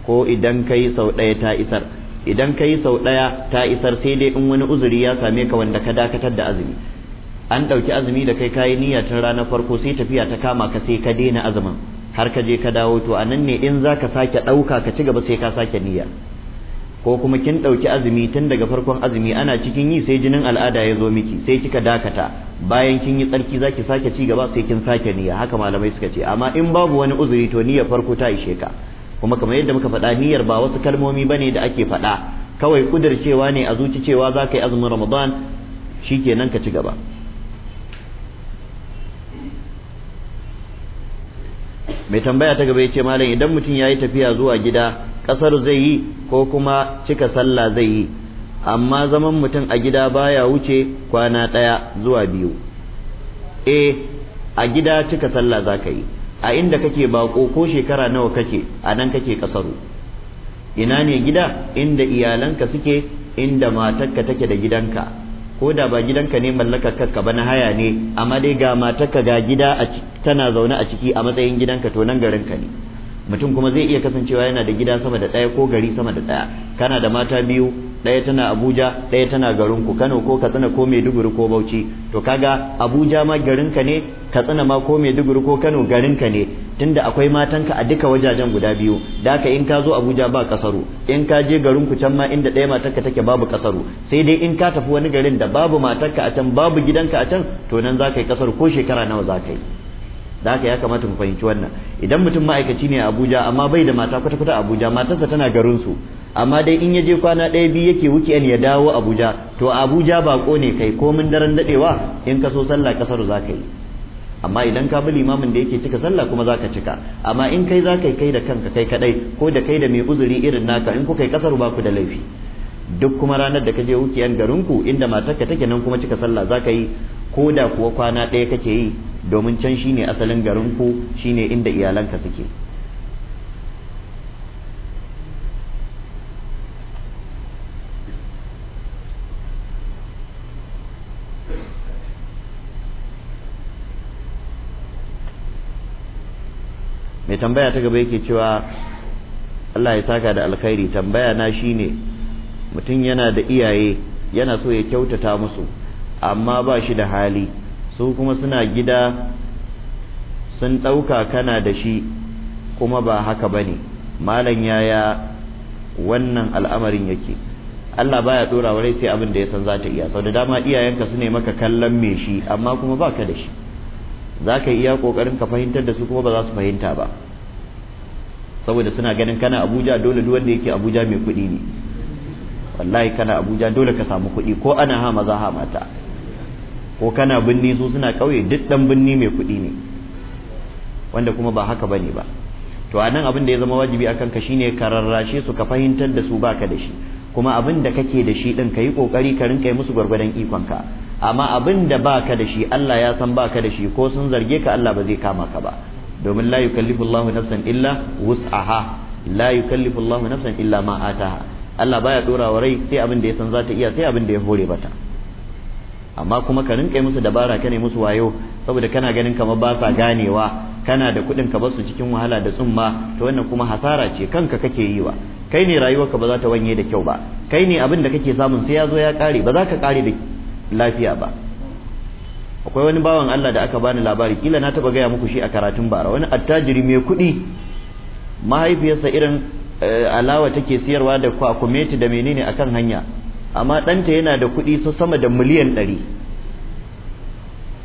ko idan kai sau ɗaya ta isar idan kai sau ɗaya ta isar sai dai in wani uzuri ya same ka wanda ka dakatar da azumi an ɗauki azumi da kai kayi niyya tun ranar farko sai tafiya ta kama ka sai ka daina azumin har ka je ka dawo to anan ne in za ka sake ɗauka ka ci gaba sai ka sake niyya ko kuma kin ɗauki azumi tun daga farkon azumi ana cikin yi sai jinin al'ada ya zo miki sai kika dakata bayan kin yi tsarki zaki sake ci gaba sai kin sake niyya haka malamai suka ce amma in babu wani uzuri to niyyar farko ta ishe ka kuma kamar yadda muka faɗa niyyar ba wasu kalmomi bane da ake faɗa kawai kudircewa ne a zuci cewa za ka yi azumin ramadan shi shikenan ka ci gaba mai tambaya ta gaba ya ce malam idan mutum ya yi tafiya zuwa gida kasar zai yi ko kuma cika sallah zai yi amma zaman mutum a gida baya wuce kwana ɗaya zuwa biyu e a gida cika sallah za ka yi a inda kake bako ko shekara nawa kake a nan kake kasaru ina ne gida inda iyalanka suke inda matarka take da gidanka ko da ba gidanka ne mallaka kanka ba na haya ne amma dai ga matarka ga gida tana zaune a ciki a matsayin gidanka to nan garinka ne mutum kuma zai iya kasancewa yana da gida sama da ɗaya ko gari sama da ɗaya kana da mata biyu ɗaya tana abuja ɗaya tana garinku kano ko katsina ko maiduguri ko bauchi to kaga abuja ma garinka ne katsina ma ko maiduguri ko kano garinka ne tunda akwai matanka a duka wajajen guda biyu da in ka zo abuja ba kasaru in ka je garinku can ma inda ɗaya matarka take babu kasaru sai dai in ka tafi wani garin da babu matarka a can babu gidanka a can to nan za ka yi kasaru ko shekara nawa za ka yi da haka ya kamata mu fahimci wannan idan mutum ma'aikaci ne a abuja amma bai da mata kwata-kwata a abuja matarsa tana garinsu amma dai in ya je kwana ɗaya biyu yake an ya dawo Abuja to Abuja ba ne kai ko komin daren dadewa in ka so sallah kasar za ka yi amma idan ka bi limamin da yake cika sallah kuma za ka cika amma in kai za zaka kai da kanka kai kaɗai ko da kai da mai uzuri irin naka in kuka yi kasar ba ku da laifi duk kuma ranar da ka je garin garinku inda matarka take nan kuma cika sallah za ka yi ko da kuwa kwana ɗaya kake yi domin can shine asalin garinku shine inda iyalanka suke mai tambaya ta gaba yake cewa Allah ya saka da alkhairi tambaya na shine mutum yana da iyaye yana so ya kyautata musu amma ba shi da hali su kuma suna gida sun ɗauka kana da shi kuma ba haka ba ne malam yaya wannan al'amarin yake Allah baya ɗora wa rai sai abin da ya san za ta iya sau da dama iyayenka su ne maka kallon me shi amma kuma ba ka da shi za ka iya kokarin ka fahimtar da su kuma ba za su fahimta ba saboda suna ganin kana abuja dole duk wanda yake abuja mai kuɗi ne wallahi kana abuja dole ka samu kuɗi ko ana ha maza ha mata ko kana binni su suna ƙauye duk ɗan binni mai kuɗi ne wanda kuma ba haka bane ba to a nan abin da ya zama wajibi akan ka shine ka rarrashe su ka fahimtar da su baka da shi kuma abin da kake da shi din ka yi kokari ka rinka yi musu gwargwadon ikonka amma abin da baka da shi Allah ya san baka da shi ko sun zarge ka Allah ba zai kama ka ba domin la yukallifu nafsan illa wus'aha la yukallifu Allahu nafsan illa ma ataha Allah baya dora wa rai sai abin da ya san za ta iya sai abin da ya hore bata amma kuma ka rinka musu dabara kane musu wayo saboda kana ganin kamar ba sa ganewa kana da kuɗin ka basu cikin wahala da tsumma to wannan kuma hasara ce kanka kake yi wa kai ne rayuwarka ba za ta wanye da kyau ba kai ne abin da kake samun sai ya zo ya kare ba za ka kare da lafiya ba akwai wani bawan Allah da aka bani labari kila na taba gaya muku shi a karatun bara wani attajiri mai kuɗi mahaifiyarsa irin eh, alawa take siyarwa da kwakumeti da menene akan hanya amma ɗanta yana da kuɗi su sama da miliyan ɗari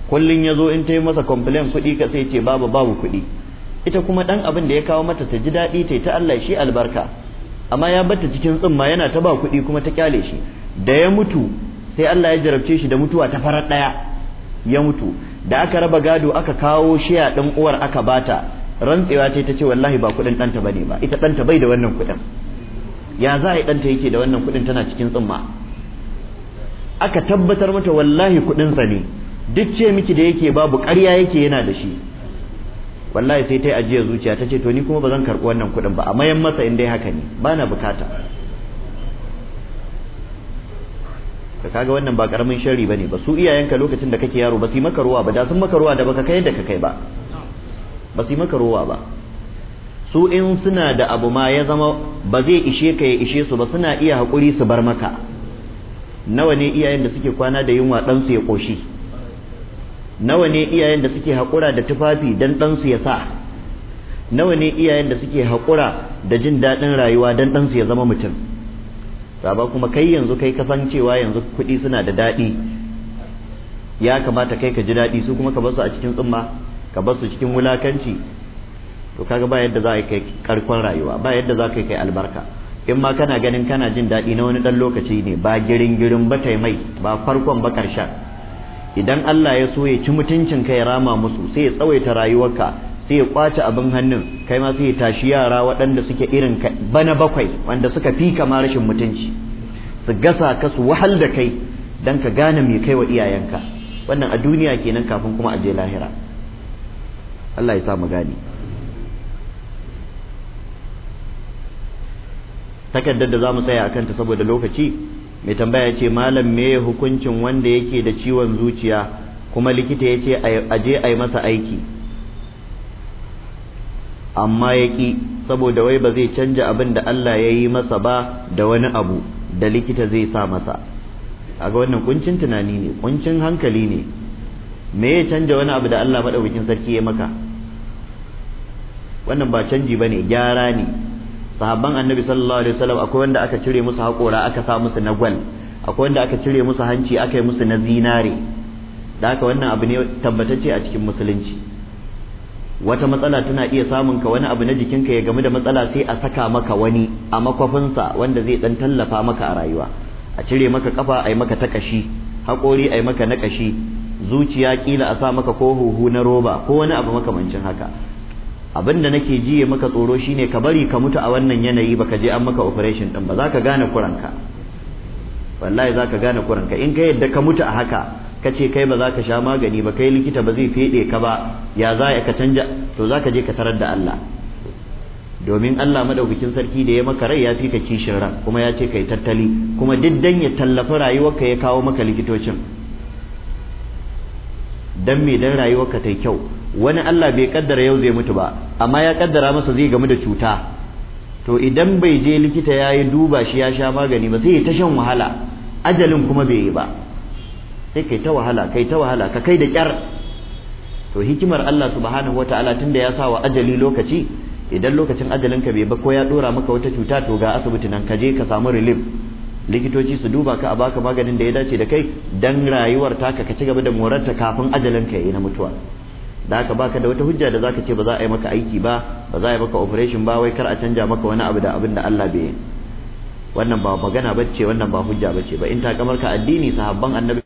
kullum ya zo in ta yi masa complain kuɗi ka sai ce babu babu kuɗi ita kuma ɗan abin da ya kawo mata ta ji daɗi ta ta Allah shi albarka amma ya batta cikin tsumma yana ta ba kuɗi kuma ta kyale shi da ya mutu sai Allah ya jarabce shi da mutuwa ta farar daya ya mutu da aka raba gado aka kawo shiya din uwar aka bata rantsewa ce ta ce wallahi ba kudin danta bane ba ita danta bai da wannan kudin ya za a danta yake da wannan kudin tana cikin tsumma aka tabbatar mata wallahi kudin sa ne duk ce miki da yake babu ƙarya yake yana da shi wallahi sai ta yi ajiyar zuciya ta ce to ni kuma ba zan karɓi wannan kuɗin ba a mayan masa in dai haka ne ba na bukata ka kaga wannan ba karamin sharri bane ba su iyayenka lokacin da kake yaro ba su maka ruwa ba da sun maka ruwa da baka kai da ka kai ba ba su maka ruwa ba su in suna da abu ma ya zama ba zai ishe ka ya ishe su ba suna iya haƙuri su bar maka nawa ne iyayen da suke kwana da yunwa ɗansu ya ƙoshi nawa ne iyayen da suke haƙura da tufafi don ɗansu ya sa nawa ne iyayen da suke haƙura da jin daɗin rayuwa don ɗansu ya zama mutum saba kuma kai yanzu kai kasan cewa yanzu kuɗi suna da daɗi ya kamata kai ka ji daɗi su kuma ka basu a cikin tsumma ka basu cikin wulakanci to kaga ba yadda za ka kai karkon rayuwa ba yadda za ka kai albarka in ma kana ganin kana jin daɗi na wani ɗan lokaci ne ba girin girin ba taimai ba farkon ba ƙarshen idan Allah ya so ya ci mutuncin ka ya rama musu sai ya tsawaita rayuwarka sai ya kwace abin hannun kai ma sai ya tashi yara waɗanda suke irin bana bakwai wanda suka fi kama rashin mutunci su gasa ka su wahal da kai don ka gane mai kai wa iyayenka wannan a duniya kenan kafin kuma a je lahira Allah ya samu gani takardar da za mu tsaya a kanta saboda lokaci mai tambaya ce malam me hukuncin wanda yake da ciwon zuciya kuma likita ya ce a je a yi masa aiki amma yaki saboda wai ba zai canja abin da Allah ya yi masa ba da wani abu da likita zai sa masa a ga wannan kuncin tunani ne kuncin hankali ne me ya canja wani abu da Allah madaukakin sarki ya maka wannan ba canji bane gyara ne sahabban annabi sallallahu alaihi wasallam akwai wanda aka cire musu haƙora aka sa musu na gwal akwai wanda aka cire musu hanci aka yi musu na zinare da haka wannan abu ne tabbatacce a cikin musulunci wata matsala tana iya samun ka wani abu na jikinka ya gamu da matsala sai a saka maka wani a makwafinsa wanda zai dan tallafa maka a rayuwa a cire maka kafa a yi maka takashi haƙori a yi maka nakashi zuciya kila a sa maka ko huhu na roba ko wani abu makamancin haka abin da nake ya maka tsoro shine ka bari ka mutu a wannan yanayi baka je an maka operation din ba za ka gane kuranka wallahi za ka gane kuranka in ka yadda ka mutu a haka ka ce kai ba za ka sha magani ba kai likita ba zai fede ka ba ya za ya ka canja to za ka je ka tarar da Allah domin Allah madaukakin sarki da ya maka rai ya fi ka kishin ran kuma ya ce kai tattali kuma duk dan ya tallafi rayuwarka ya kawo maka likitocin dan me dan rayuwarka ta kyau wani Allah bai kaddara yau zai mutu ba amma ya kaddara masa zai gamu da cuta to idan bai je likita ya yi duba shi ya sha magani ba sai ya ta shan wahala ajalin kuma bai yi ba sai kai ta wahala kai ta wahala ka kai da kyar to hikimar Allah subhanahu wataala tunda ya sa wa ajali lokaci idan lokacin ajalin ka bai ba ko ya dora maka wata cuta to ga asibiti nan ka je ka samu relief likitoci su duba ka a baka maganin da ya dace da kai dan rayuwar taka ka ci gaba da morarta kafin ajalin ka yayi na mutuwa da haka baka da wata hujja da zaka ce ba za a yi maka aiki ba ba za a yi maka operation ba wai kar a canja maka wani abu da abin da Allah bai wannan ba magana bace wannan ba hujja bace ba in ta kamar ka addini sahabban annabi